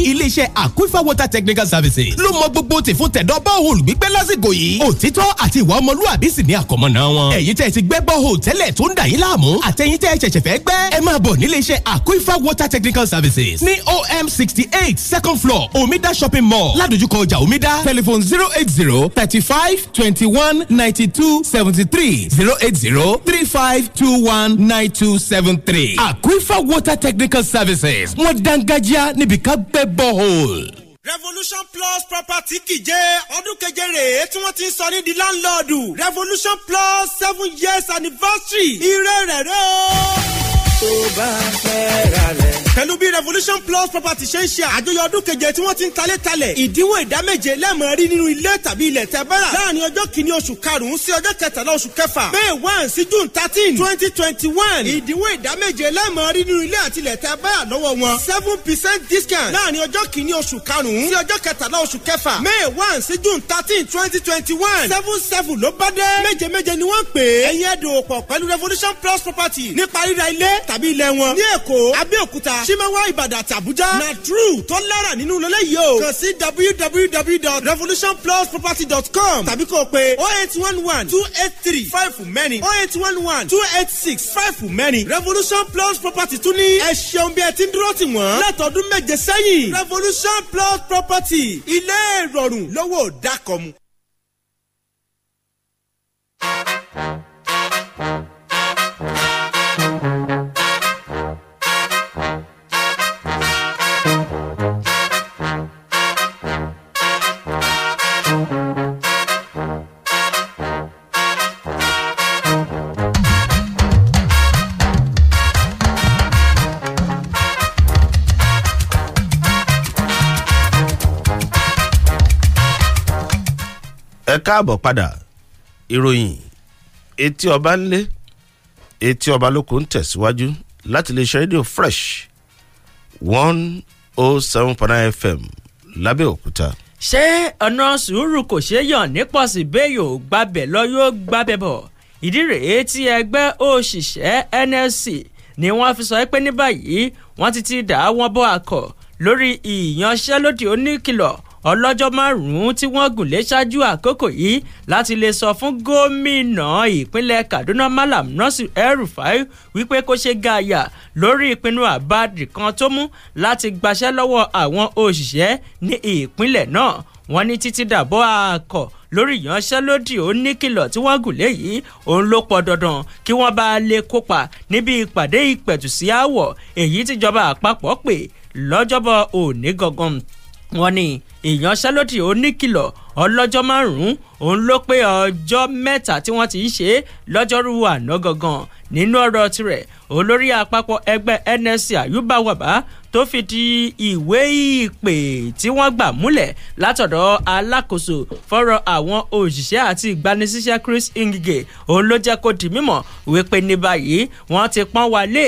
bí iléeṣẹ́ aquifer water technical services ló mọ gbogbo tì fún tẹ̀dọ́ bọ́ọ̀hùn gbígbẹ́ lásìkò yìí òtítọ́ àti ìwà ọmọlúwàbí sì ni àkọ́mọ́ná wọn. ẹ̀yin tẹ́ ẹ ti gbẹ́ bọ́ọ̀hùn tẹ́lẹ̀ tó ń dà yín láàmú àtẹ̀yin tẹ́ ẹ ṣẹ̀ṣẹ̀ fẹ́ gbẹ́ ẹ máa bọ̀ níléeṣẹ́ aquifer water technical services ní om sixty eight second floor omida shopping mall ládojúkọ ọjà omida telephone zero eight zero thirty five twenty one ninety two seventy three zero eight zero three five two one nine two seven three aquifer water technical services wọ́n dángájá níbi ká gbẹ́ borehole. Revolution Plus property kìjẹ́ ọdún keje rèé tí wọ́n ti ń sọ ní di láńlọ́ọ̀dù Revolution Plus seven years anniversary ire rẹ̀ rẹ̀ o tó bá fẹ́ ra lẹ̀. pẹ̀lú bí revolution plus property ṣe ń ṣe àjọyọ̀ ọdún keje tí wọ́n ti ń talé talẹ̀ ìdínwó ìdá méje lẹ́ẹ̀mọ́ rí nínú ilé tàbí ilẹ̀ tẹ́ bẹ́rà láàrin ọjọ́ kìíní oṣù karùn-ún sí ọjọ́ kẹtàlá oṣù kẹfà may one sí june thirteen twenty twenty one ìdínwó ìdá méje lẹ́ẹ̀mọ́ rí nínú ilé àti ilẹ̀ tẹ́ bẹ́rà lọ́wọ́ wọn seven percent discount láàrin ọjọ́ kìíní oṣù karùn-ún sí ọjọ́ kẹtàlá oṣù kẹfà may one sí june thirteen twenty twenty one seven seven ló bá dé méje méje ni wọ́n pè é ẹ̀yin ẹ̀dùn pẹ̀lú revolution plus property nípa ríra ilé tàbí ilẹ̀ wọn ní èkó abẹ́òkúta simawa ìbàdàn tàbújá na true tó lẹ́rà nínú lọ́lẹ́ yìí o kàn sí www.revolutionplusproperty.com tàbí kò pé oh eight one one two eight three five fún mẹ́rin oh eight one one two eight six five fún mẹ́rin revolution plus property tún ní ẹ ṣeun bí ẹ ti ń dúró tì wọ́n látọ̀dún méje sẹ́yìn revolution plus property ilé ìrọ̀rùn lówó dákọ̀mu. káàbọ̀ padà ìròyìn etí ọba ńlé etí ọba lóko ń tẹ̀síwájú láti lè ṣe rédíò fresh one oh seven point nine fm lábẹ́òkúta. ṣé ọ̀nà sùúrù kò ṣeé yàn nípọ̀sí bẹ́ẹ̀ yóò gbabẹ̀ lọ yóò gbabẹ̀ bọ̀ ìdí rèé tí ẹgbẹ́ òṣìṣẹ́ nsc ni wọ́n fi sọ pé ní báyìí wọ́n ti ti dà wọ́n bọ́ àkọ́ lórí ìyanṣẹ́lódì oníkìlọ̀ ọlọ́jọ́ márùn-ún tí wọ́n gùn lé ṣáájú àkókò yìí láti lè sọ fún gómìnà ìpínlẹ̀ Kaduna Malam Nasir El-Rufai wípé kó ṣe gààyà lórí ìpinnu àbádì kan tó mú láti gbaṣẹ́ lọ́wọ́ àwọn òṣìṣẹ́ ní ìpínlẹ̀ náà wọ́n ní títí dàbọ̀ àkọ́ lórí ìyanṣẹ́lódì oníkìlọ̀ tí wọ́n gùn léyìí òun ló pọ̀ dandan kí wọ́n bá lè kópa níbi ìpàdé ìpẹ̀tùsí àwọ̀ èyí tíjọba àpapọ̀ pè lọ́jọ́bọ̀ òní gangan wọ́n ní ìyanṣẹ́lódì oníkìlọ̀ ọlọ́jọ́ márùn-ún òun ló pé ọjọ́ mẹ́ta tí wọ́n ti ń ṣe lọ́jọ́rú àná gangan nínú ọ̀rọ̀ tirẹ̀ olórí àpapọ̀ ẹgbẹ́ NLC Ayuba Waba tó fi di ìwé ìpè tí wọ́n gbà múlẹ̀ látọ̀dọ̀ alákòóso fọ́rọ̀ àwọn òṣìṣẹ́ àti ìgbanisíṣẹ́ Chris Ngige òun ló jẹ́ kó di mímọ̀ wípé ní báyìí wọ́n ti pọ́n wa lé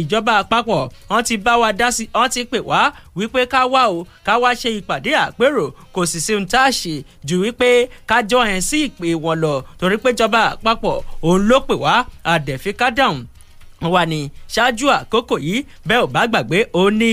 ìjọba àpapọ̀ wọ́n ti bá wa dá sí wọ́n ti pè wá wípé ká wá o ká wá ṣe ìpàdé àpérò kò sì sí ohun tá a ṣe ju wípé ká jọ hẹn sí ìpè wọn lọ torí pé ìjọba àpapọ̀ òun ló pè wá àdẹ̀fíkádàùn wà ní ṣáájú àkókò yìí bẹ́ẹ̀ ò bá gbàgbé ó ní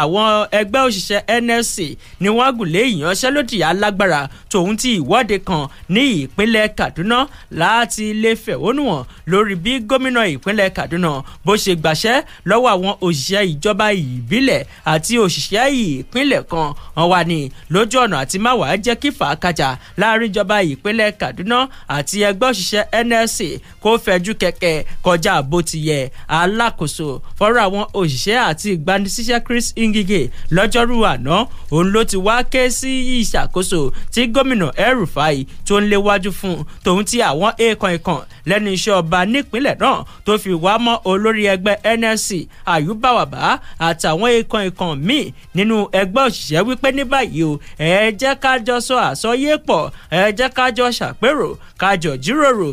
àwọn ẹgbẹ́ òṣìṣẹ́ NLC ni wọ́n gùn lé ìyanṣẹ́lódì alágbára tòun ti ìwọ́de kan ní ìpínlẹ̀ Kaduna láti lè fẹ̀hónú hàn lórí bí gómìnà ìpínlẹ̀ Kaduna bó ṣe gbàṣẹ́ lọ́wọ́ àwọn òṣìṣẹ́ ìjọba ìbílẹ̀ àti òṣìṣẹ́ ìpínlẹ̀ kan wọ́n wà ní lójú ọ̀nà àti má wàá jẹ́ kí fàákàjà láàrin ìjọba ìpínlẹ̀ NLC kó fẹjú kẹ̀kẹ́ kọjá ayẹyẹ alákòóso fọ́rọ̀ àwọn òṣìṣẹ́ àti ìgbanisíṣẹ́ Chris Ngige lọ́jọ́rú àná òun ló ti wá ké sí ìṣàkóso tí gómìnà El-Rufai tó ń léwájú fún tòun ti àwọn èèkàn ìkàn lẹ́nu iṣẹ́ ọba nípínlẹ̀ náà tó fi wá mọ́ olórí ẹgbẹ́ NLC Ayuba Waba àtàwọn èèkàn ìkàn míì nínú ẹgbẹ́ òṣìṣẹ́ wípé ní báyìí o ẹ jẹ́ ká jọ sọ àsọyé pọ̀ ẹ jẹ́ ká jọ ṣàpérò ká jọ jíròrò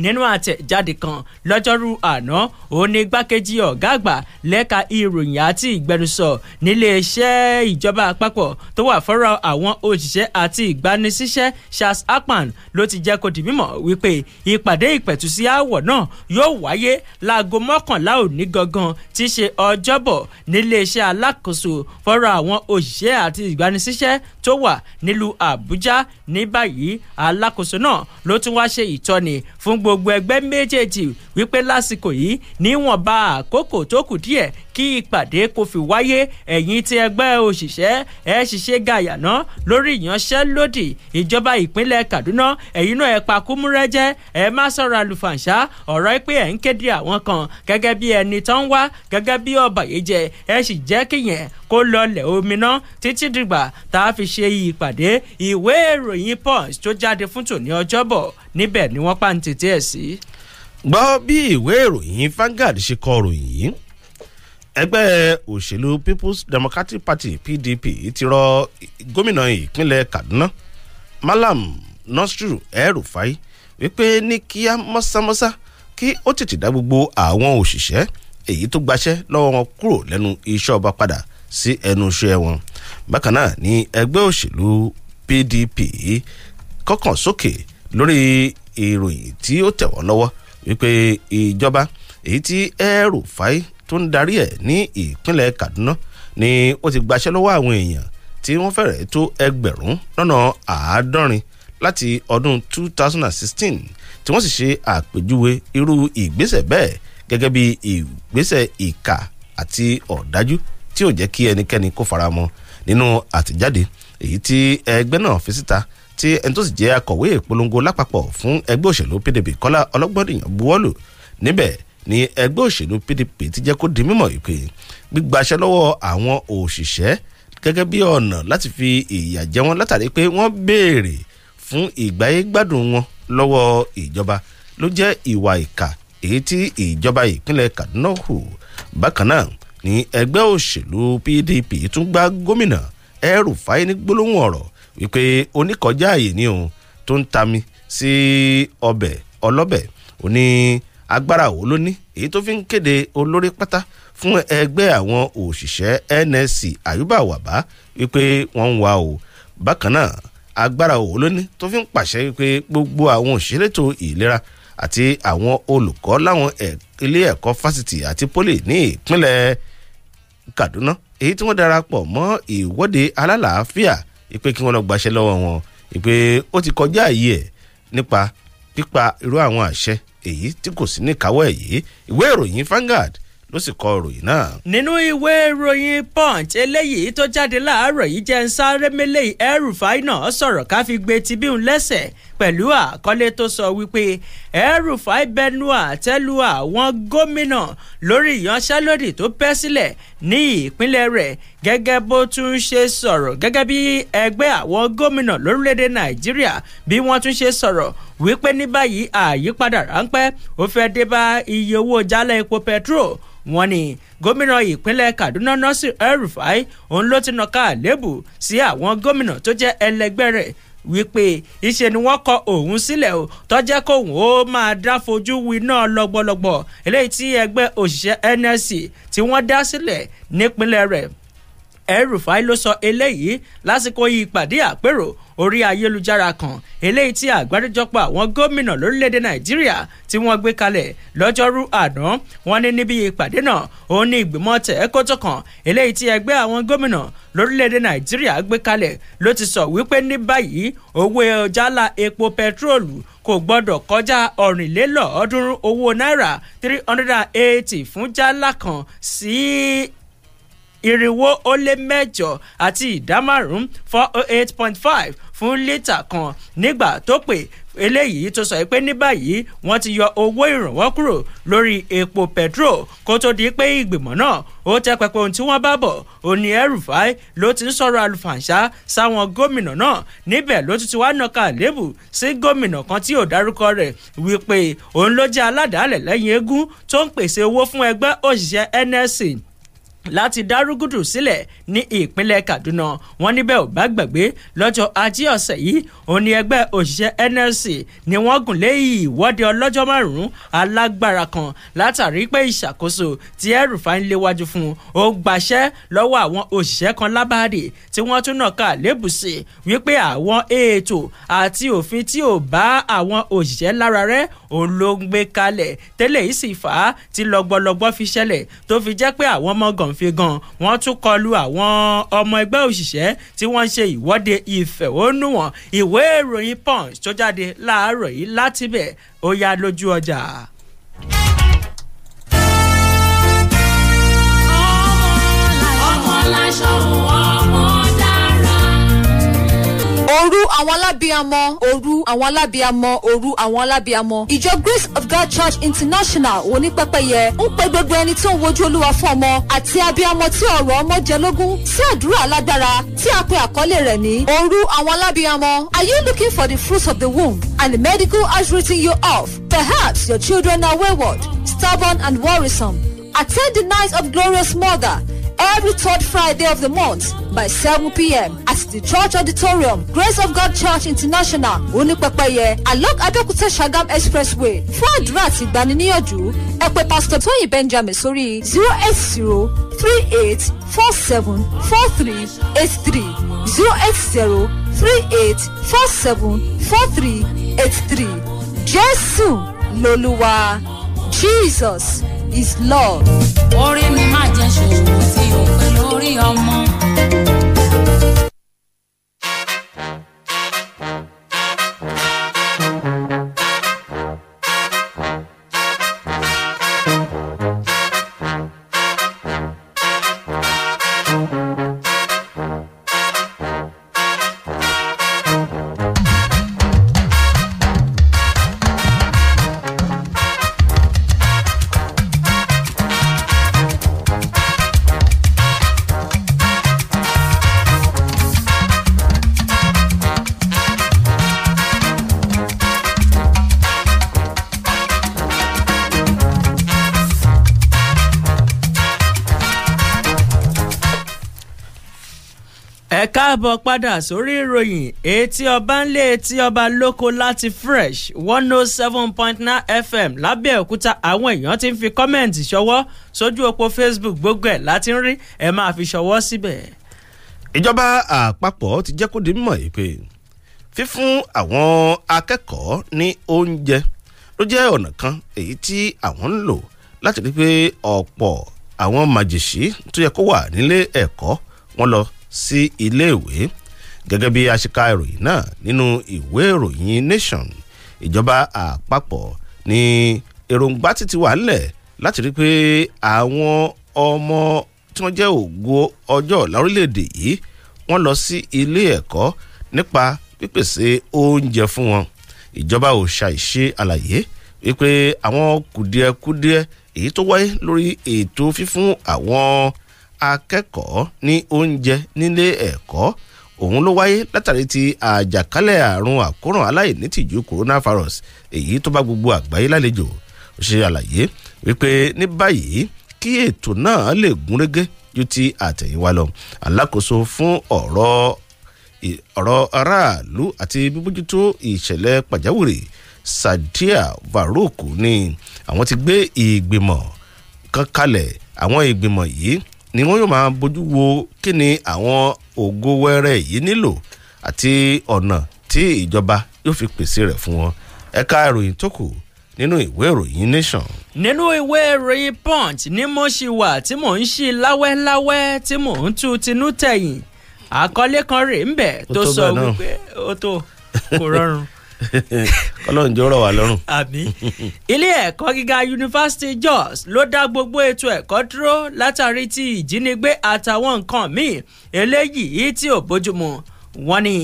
nínú àtẹ̀jáde kan lọ́jọ́rú àná òun ni igbákejì ọ̀gá àgbà lẹ́ka ìròyìn àti ìgbẹnusọ níléeṣẹ́ ìjọba àpapọ̀ tó wà fọ́rọ̀ àwọn òṣìṣẹ́ àti ìgbanisíṣẹ́ Charles Akpan ló ti jẹ́ kó di mímọ̀ wípé ìpàdé ìpẹ̀tùsí àwọ̀ náà yóò wáyé láago mọ́kànlá òní gangan tí í ṣe ọjọ́bọ̀ níléeṣẹ́ alákòóso fọ́rọ̀ àwọn òṣìṣẹ́ àti ìgbanisíṣẹ́ tó wà nílùú Àbújá ní báyìí gbogbo ẹgbẹ́ méjèèjì wípé lásìkò yìí níwọ̀nba àkókò tó kù díẹ̀ kí ìpàdé kò fi wáyé ẹ̀yìn tí ẹgbẹ́ òṣìṣẹ́ ẹ̀ ṣiṣẹ́ gàyàná lórí ìyanṣẹ́lódì ìjọba ìpínlẹ̀ Kaduna ẹ̀yìn náà ẹ̀ pa kúmúrẹ́jẹ́ ẹ̀ má sọ̀rọ̀ àlùfàǹṣá ọ̀rọ̀ pé ẹ̀ ń kéde àwọn kan gẹ́gẹ́ bí ẹni tán wá gẹ́gẹ́ bí ọ̀bàyéjẹ ẹ̀ sì jẹ́ kíyẹn kó lọlẹ̀ omi ná títí dìgbà tá a fi ṣe ìpàdé ìwé ìròyìn Punch tó jáde fún tòní Ọjọ́bọ̀ níbẹ̀ ni wọ́n pàǹtẹ̀tẹ̀ ẹ̀ sí. gbọ́ bí ìwé ìròyìn Vanguard ṣe kọ ròyìn yìí ẹgbẹ́ òṣèlú People's Democratic Party PDP ti rọ gómìnà ìpínlẹ̀ Kaduna Malam Nasiru erufai rufai wípé ní kíá mọ́sámọ́sá kí ó tètè dá gbogbo àwọn òṣìṣẹ́ èyí tó gbaṣẹ́ lọ́wọ́ wọn kúrò lẹ́nu iṣẹ́ ọba padà sí ẹnu iṣẹ́ wọn bákan náà ni ẹgbẹ́ òṣèlú PDP kọ́kàn sókè so lórí ìròyìn tí ó tẹ̀wọ́ lọ́wọ́ wípé ìjọba èyí tí El-Rufai tó ń darí ẹ̀ ní ìpínlẹ̀ Kaduna ni ó ti gbaṣẹ́ lọ́wọ́ àwọn èèyàn tí wọ́n fẹ̀rẹ̀ tó ẹgbẹ̀rún lọ́nà àádọ́rin láti ọdún 2016 tí wọ́n sì ṣe àpèjúwe irú ìgbésẹ̀ bẹ́ẹ̀ gẹ́gẹ́ bí ìgbésẹ̀ ìkà àti ọ̀dájú tí ò jẹ́ kí ẹnikẹ́ni kó fara mọ́ nínú àtẹ̀jáde èyí tí ẹgbẹ́ náà fi síta tí ẹni tó sì jẹ́ akọ̀wé ìpolongo lápapọ̀ fún ẹgbẹ́ òṣèlú PDP Kọ́lá Ọlọ́gbọ́dìyàn buwọ́lù níbẹ̀ ni ẹgbẹ́ òṣèlú PDP ti jẹ́ kó di mímọ̀ ìpè gbígbaṣẹ́ lọ́wọ́ àwọn òṣìṣẹ́ gẹ́gẹ́ bí ọ̀nà láti fi ìyà jẹ wọ́n látàrí pé wọ́n béèrè fún ìgbáyé gbádùn wọn lọ́wọ́ ìjọba ló jẹ́ ìwà ìkà èyí tí ìjọba ìpínlẹ̀ Kaduna hù bákan náà ni ẹgbẹ́ òṣèlú PDP tún gbá gómìnà El-Rufai ní gbólóhùn ọ̀rọ̀ wípé oníkọjá àyè ni òun tó ń ta mi sí ọbẹ̀ ọlọ́bẹ̀ òní agbára wo ló ní èyí tó fi ń kéde olórí pátá fún ẹgbẹ́ àwọn òṣìṣẹ́ NSC Ayuba Waba wípé wọ́n ń wa o bákan náà agbára wo ló ní tó fi ń pàṣẹ wípé gbogbo àwọn òṣèlétò ìlera àti àwọn olùkọ́ láwọn ilé ẹ̀kọ́ fásitì àti poli ní ìpínlẹ̀ Kaduna èyí tí wọ́n darapọ̀ mọ́ ìwọ́de alálàáfíà e ìpè kí wọ́n lọ gbaṣẹ́ lọ́wọ́ wọn ìpè ó ti kọjá àyè ẹ̀ nípa pípa irú àwọn àṣẹ èyí tí kò sí níkàáwọ́ ẹ̀ yìí ìwé ìròyìn Vanguard ló sì kọ ìròyìn náà. nínú ìwé ìròyìn punch eléyìí tó jáde láàárọ̀ yìí jẹ́ ń sáré mélé ẹrù fáínà sọ̀rọ̀ ká fi gbé tibíun lẹ́sẹ̀ pẹ̀lú àkọlé tó sọ wípé el benua tẹ́lúà wọn gómìnà lórí ìyanṣẹ́lódì tó bẹ́ sílẹ̀ ní ìpínlẹ̀ rẹ̀ gẹ́gẹ́ bó tún ṣe sọ̀rọ̀ gẹ́gẹ́ bí ẹgbẹ́ àwọn gómìnà lórílẹ̀‐èdè nàìjíríà bí wọ́n tún ṣe sọ̀rọ̀ wípé ní báyìí àyípadà ráńpẹ́ ó fẹ́ dé bá iye owó jálẹ̀ epo petrol wọ́n ní gómìnà ìpínlẹ̀ Kaduna Nasir el òun ló ti nàka àlébù sí àwọn gómìnà tó jẹ́ ẹlẹgbẹ́ rẹ̀ wípé ìṣe ni wọ́n kọ òun sílẹ̀ o tọ́jẹ́ kóun ó máa dá fojú winá lọ́gbọ́lọ́gbọ́ eléyìí tí ẹgbẹ́ òṣìṣẹ́ NLC tí wọ́n dá sílẹ̀ nípínlẹ̀ rẹ̀ El-Rufai ló sọ eléyìí lásìkò ìpàdé àpérò orí ayélujára kan eléyìí tí àgbáríjọpọ̀ àwọn gómìnà lórílẹ̀‐èdè nàìjíríà tí wọ́n gbé kalẹ̀ lọ́jọ́rú àná wọ́n ní níbi ìpàdé náà òun ní ìgbìmọ̀ tẹ̀ẹ́kótó kan eléyìí tí ẹgbẹ́ àwọn gómìnà lórílẹ̀‐èdè nàìjíríà gbé kalẹ̀ ló ti sọ wípé ní báyìí owó jálá epo pẹtiróòlù kò gbọ́dọ̀ kọjá ọ̀rìnlélọ́ọ̀ọ́dúnrún owó náírà three hundred and eighty fún jálá kan sí irinwó ó lé mẹ́jọ àti ìdá márùn-ún four oh eight point five fún lítà kan nígbà tó pè eléyìí tó sọ pé ní báyìí wọ́n ti yọ owó ìrànwọ́ kúrò lórí epo petro kó tó di pé ìgbìmọ̀ náà ó tẹ́ pẹpẹ ohun tí wọ́n bá bọ̀ òní ẹrùfáì ló ti ń sọ̀rọ̀ àlùfàǹṣá sáwọn gómìnà náà níbẹ̀ ló ti ti wá nàka àlébù sí gómìnà kan tí ò dárúkọ rẹ̀ wípé òun ló jẹ́ aládàálẹ̀ lẹ́yìn eégún tó ń pèsè owó fún ẹgbẹ́ òṣìṣẹ́ nsc láti dárúgùdù sílẹ̀ ní ìpínlẹ̀ Kaduna wọn níbẹ̀ ò bá gbàgbé lọ́jọ́ ajé ọ̀sẹ̀ yìí òun ni ẹgbẹ́ òṣìṣẹ́ NLC ni wọ́n gùn lé ìwọ́de ọlọ́jọ́ márùn-ún alágbára kan látàrí pé ìṣàkóso tí El-Rufai ń léwájú fún ó gbaṣẹ́ lọ́wọ́ àwọn òṣìṣẹ́ kan lábàárì tí wọ́n tún náà kà lébùsì wípé àwọn ètò àti òfin tí ò bá àwọn òṣìṣẹ́ lára rẹ̀ òun ló ń gbé kalẹ̀ tẹ́lẹ̀ yìí sì fà á tí lọ́gbọ́lọ́gbọ́ fi ṣẹlẹ̀ tó fi jẹ́ pé àwọn ọmọ gàn aṣòfin gan wọ́n tún kọlu àwọn ọmọ ẹgbẹ́ òṣìṣẹ́ tí wọ́n ṣe ìwọ́de ìfẹ̀hónúhàn ìwé ìròyìn punch tó jáde láàárọ̀ yìí látibẹ̀ ó yá lójú ọjà. ọmọ ọmọ láṣọ ọmọ òru àwọn alábíamọ òru àwọn alábíamọ òru àwọn alábíamọ ìjọ grace of god church international onípẹ́pẹ́yẹ ń pe gbogbo ẹni tí ń wojú olúwa fún ọmọ àti abíamọ tí ọ̀rọ̀ ọmọ jẹ lógún sí àdúrà alágbára tí a pe àkọlé rẹ̀ ní òru àwọn alábíamọ are you looking for the fruits of the womb and the medical has written you off perhaps your children are wayward stubborn and worrisome attend the night of glorious mother every third Friday of the month by 7 p.m. at the Church Auditorium, Grace of God Church International, Onípẹpẹyẹ, along Abeokuta Shagam Expressway. Fún àdúrà àti ìgbaniníyànjú, ẹ pè Pastor Tóyìn Benjamin sórí 080 38 47 43 83 080 38 47 43 83. Jésù lolúwa Jesus is love. orí mi má jẹ́ ṣòwò tí o pè lórí ọmọ. káàbọ̀ padà sórí ìròyìn etí ọba ńlé etí ọba lóko láti fresh one oh seven point nine fm lábẹ́òkúta àwọn èèyàn ti ń fi kọ́mẹ̀ǹtì ṣọwọ́ sójú òpó facebook gbogbo ẹ̀ láti ń rí ẹ̀ máa fi ṣọwọ́ síbẹ̀. ìjọba àpapọ̀ ti jẹ́ kó di mọ̀ yìí pé fífún àwọn akẹ́kọ̀ọ́ ní oúnjẹ ló jẹ́ ọ̀nà kan èyí tí àwọn ń lò láti rí pé ọ̀pọ̀ àwọn màjèṣí tó yẹ kó wà nílé ẹ̀kọ́ wọn lọ sí iléèwé gẹ́gẹ́ bí aṣíká ìròyìn náà nínú ìwé ìròyìn Nation ìjọba àpapọ̀ ní èròǹgbà títí wà ńlẹ̀ láti rí pé àwọn ọmọ tí wọ́n jẹ́ ògo ọjọ́ ọ̀la orílẹ̀-èdè yìí wọ́n lọ sí ilé ẹ̀kọ́ nípa pípèsè oúnjẹ fún wọn ìjọba ò ṣàìṣe àlàyé wípé àwọn kùdìẹ̀kudìẹ èyí tó wáyé lórí ètò fífún àwọn akẹ́kọ̀ọ́ ní oúnjẹ nílé ẹ̀kọ́ òun ló wáyé látàrí ti àjàkálẹ̀ àrùn àkóràn aláìnítìjú coronavirus èyí tó bá gbogbo àgbáyé lálejò ó ṣe àlàyé wípé ní báyìí kí ètò náà lè gúnrégé ju ti àtẹ̀yìnwá lọ alákòóso fún ọ̀rọ̀ ọ̀rọ̀ aráàlú àti bíbójútó ìṣẹ̀lẹ̀ pàjáwìrì sadia varuk ni àwọn ti gbé ìgbìmọ̀ kan àwọn ìgbìmọ̀ yìí ni wọ́n yóò máa bójú wo kí ni àwọn ògo wẹ́rẹ́ yìí nílò àti ọ̀nà tí ìjọba yóò fi pèsè rẹ̀ fún wọn ẹ̀ka ìròyìn tó kù nínú ìwé ìròyìn nation. nínú ìwé ìròyìn punch ni mo ṣì wà tí mò ń ṣí láwẹ́láwẹ́ tí mò ń tu tinú tẹ̀yìn àkọlé kan rèé ń bẹ̀ tó sọ wípé ó tó kò rọrùn. *laughs* *laughs* kọ́lọ́n jọ rọ̀ wá lọ́rùn. àmín ilé ẹ̀kọ́ gíga yunifásitì Jos ló dá gbogbo ètò ẹ̀kọ́ dúró látàrí ti ìjínigbé àtàwọn nǹkan míì eléyìí tí ò bójúmu wọ́n ní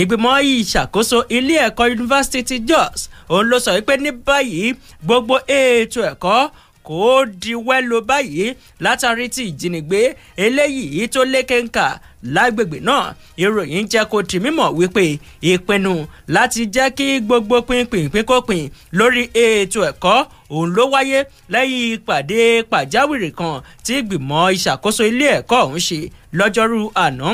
ìgbìmọ̀ ìṣàkóso ilé ẹ̀kọ́ yunifásitì ti Jos òun ló sọ wípé ní báyìí gbogbo ètò ẹ̀kọ́ kò di wẹ́lo báyìí látàrí tí ìjínigbé eléyìí tó lékenkà lágbègbè náà ìròyìn jẹ́ kó di mímọ̀ wípé ìpinnu láti jẹ́ kí gbogbo pinpinpinkópin lórí ètò ẹ̀kọ́ òun ló wáyé lẹ́yìn ìpàdé pàjáwìrì kan tí ìgbìmọ̀ ìṣàkóso ilé ẹ̀kọ́ ọ̀hún ṣe lọ́jọ́rú àná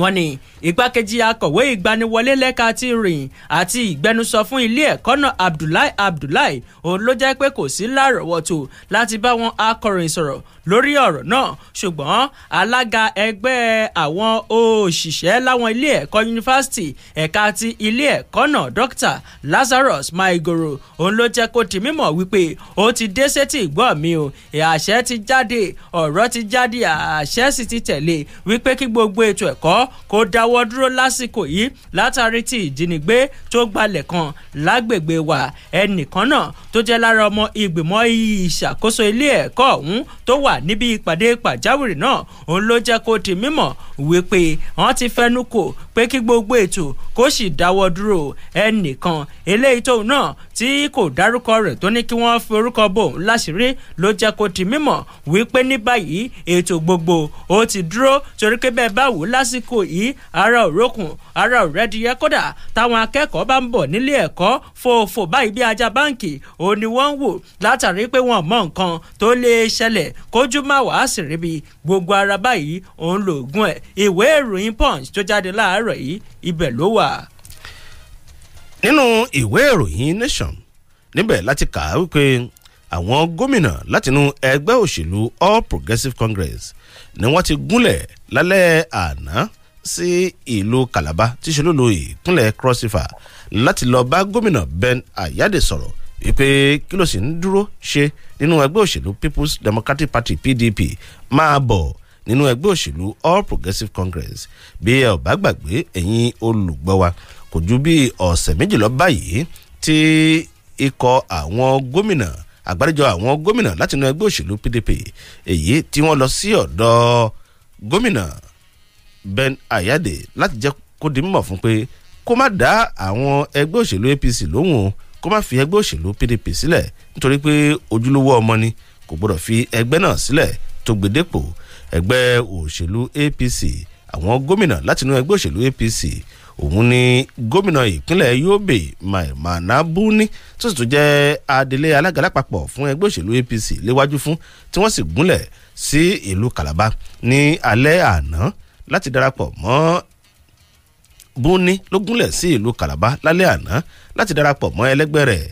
wọ́n ní igbákejì akọ̀wé ìgbaniwọlé lẹ́ka ti rìn àti ìgbẹnusọ fún ilé ẹ̀kọ́ náà abdullahi abdullahi òun ló jẹ́ pé kò sí lárọ̀wọ́tò láti bá wọn akọ̀ròyìn sọ̀rọ̀ lórí ọ̀rọ̀ náà ṣùgbọ́n alága ẹgbẹ́ àwọn òṣìṣẹ́ láwọn ilé ẹ̀kọ́ yunifásitì ẹ̀ka ti ilé ẹ̀kọ́ náà dókítà lazarus maigoro òun ló jẹ́ kó di mímọ̀ wípé ó ti dé sétí ìgbọ́ mi o àṣẹ ti jáde ọ̀rọ̀ ti jáde àṣẹ sì ti tẹ̀lé wípé kí gbogbo ètò ẹ̀kọ́ kó dáwọ́ dúró lásìkò yìí látàrí ti ìjínigbé tó gbalẹ̀ kan lágbègbè wa ẹnìkan náà tó jẹ́ lára ọmọ ìgbìmọ̀ ìṣàkóso ilé ẹ̀kọ́ ọ̀hún tó wà níbi ìpàdé pàjáwìrì náà òun ló jẹ́ kó di mímọ̀ wípé wọ́n ti fẹnu kò pé kí gbogbo ètò kó sì dáwọ́ dúró ẹnìkan eléyìí tóun náà tí kò dárúkọ rẹ̀ tó ní kí wọ́n fi orúkọ bò ń láṣìírí ló jẹ́ kó di mímọ̀ wípé ní báyìí ètò gbogbo ó ti dúró torí pé bẹ́ẹ̀ bá wò lásìkò yìí ara òrókùn ara òrẹ́dìyẹ kódà táwọn akẹ́kọ̀ọ́ bá ń bọ̀ nílé ẹ̀kọ́ fòfò báyìí bí ajá báǹkì ò ní wọ́n ń wò látàrí pé wọ́n mọ nǹkan tó lè ṣẹlẹ̀ kójú má wàá sì ríbi gbogbo ara báyìí òun lògùn ẹ̀ ìwé ìròyìn punch tó jáde láàárọ̀ yìí ibẹ̀ ló wà nínú ìwé ìròyìn nation níbẹ̀ láti kà á wípé àwọn gómìnà látinú ẹgbẹ́ òṣèlú all progressives congress ni wọ́n ti gúnlẹ̀ lálẹ́ àná sí ìlú calabar tí ṣe lólo ìpínlẹ̀ cross river láti lọ bá gómìnà ben ayade sọ̀rọ̀ wípé kí ló sì ń dúró ṣe nínú ẹgbẹ́ òṣèlú people's democratic party pdp máa bọ̀ nínú ẹgbẹ́ òṣèlú all progressives congress bí ẹ ò bá gbàgbé ẹ̀yin olùgbọ́ wa kò ju bí ọ̀sẹ̀ méjì lọ báyìí tí ikọ̀ àwọn gómìnà àgbáríjọ àwọn gómìnà láti inú ẹgbẹ́ òṣèlú pdp èyí tí wọ́n lọ sí ọ̀dọ̀ gómìnà ben ayade láti jẹ́ kó di mímọ̀ fún pé kó má dá àwọn ẹgbẹ́ òṣèlú apc lóhùn kó má fi ẹgbẹ́ òṣèlú pdp sílẹ̀ nítorí pé ojúlówó ọmọ ni kò gbọdọ̀ fi ẹgbẹ́ náà sílẹ̀ tó gbèdépò ẹgbẹ́ òṣèlú apc àwọn gómìnà látinú ẹgbẹ́ òṣèlú apc òun ni gómìnà ìpínlẹ̀ yobe maimana buni tó sì tún jẹ́ adelé alága lápapọ̀ fún ẹgbẹ́ òṣèlú apc léwájú fún tí wọ́n sì gúnlẹ̀ sí ìlú calabar ní alẹ́ àná láti darapọ̀ mọ́ buni ló gúnlẹ̀ sí ìlú calabar lálẹ́ àná láti darapọ̀ mọ́ ẹlẹ́gbẹ́ rẹ̀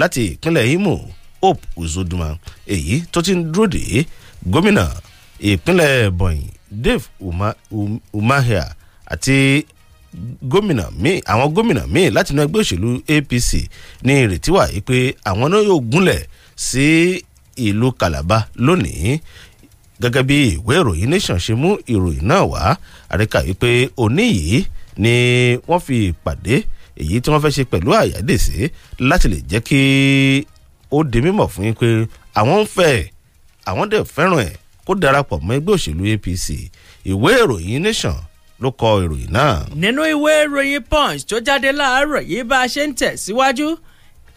láti ìpínlẹ̀ imo hope uzoduma èyí tó ti ń dúró dè gómìnà ìpínlẹ̀ bọ̀yìn dave umahia àti gómìnà míì àwọn gómìnà míì láti inú ẹgbẹ́ òṣèlú APC ní ìrètí wà yìí pé àwọn náà yóò gúnlẹ̀ sí ìlú Calabar lónìí gẹ́gẹ́ bí ìwé ìròyìn nation ṣe mú ìròyìn náà wá àríkà yìí pé òní yìí ni wọ́n fi ìpàdé èyí tí wọ́n fẹ́ ṣe pẹ̀lú àyádèsí láti lè jẹ́ kí ó di mímọ̀ fún yín pé àwọn ń fẹ́ àwọn dẹ̀ fẹ́ràn ẹ̀ kó darapọ̀ mọ́ ẹgbẹ́ òṣèlú APC ìwé ìròyìn nation ló kọ ìròyìn náà. nínú ìwé ìròyìn punch tó jáde láàárọ̀ yìí bá a ṣe ń tẹ̀síwájú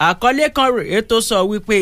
àkọlé kan rèé tó sọ wípé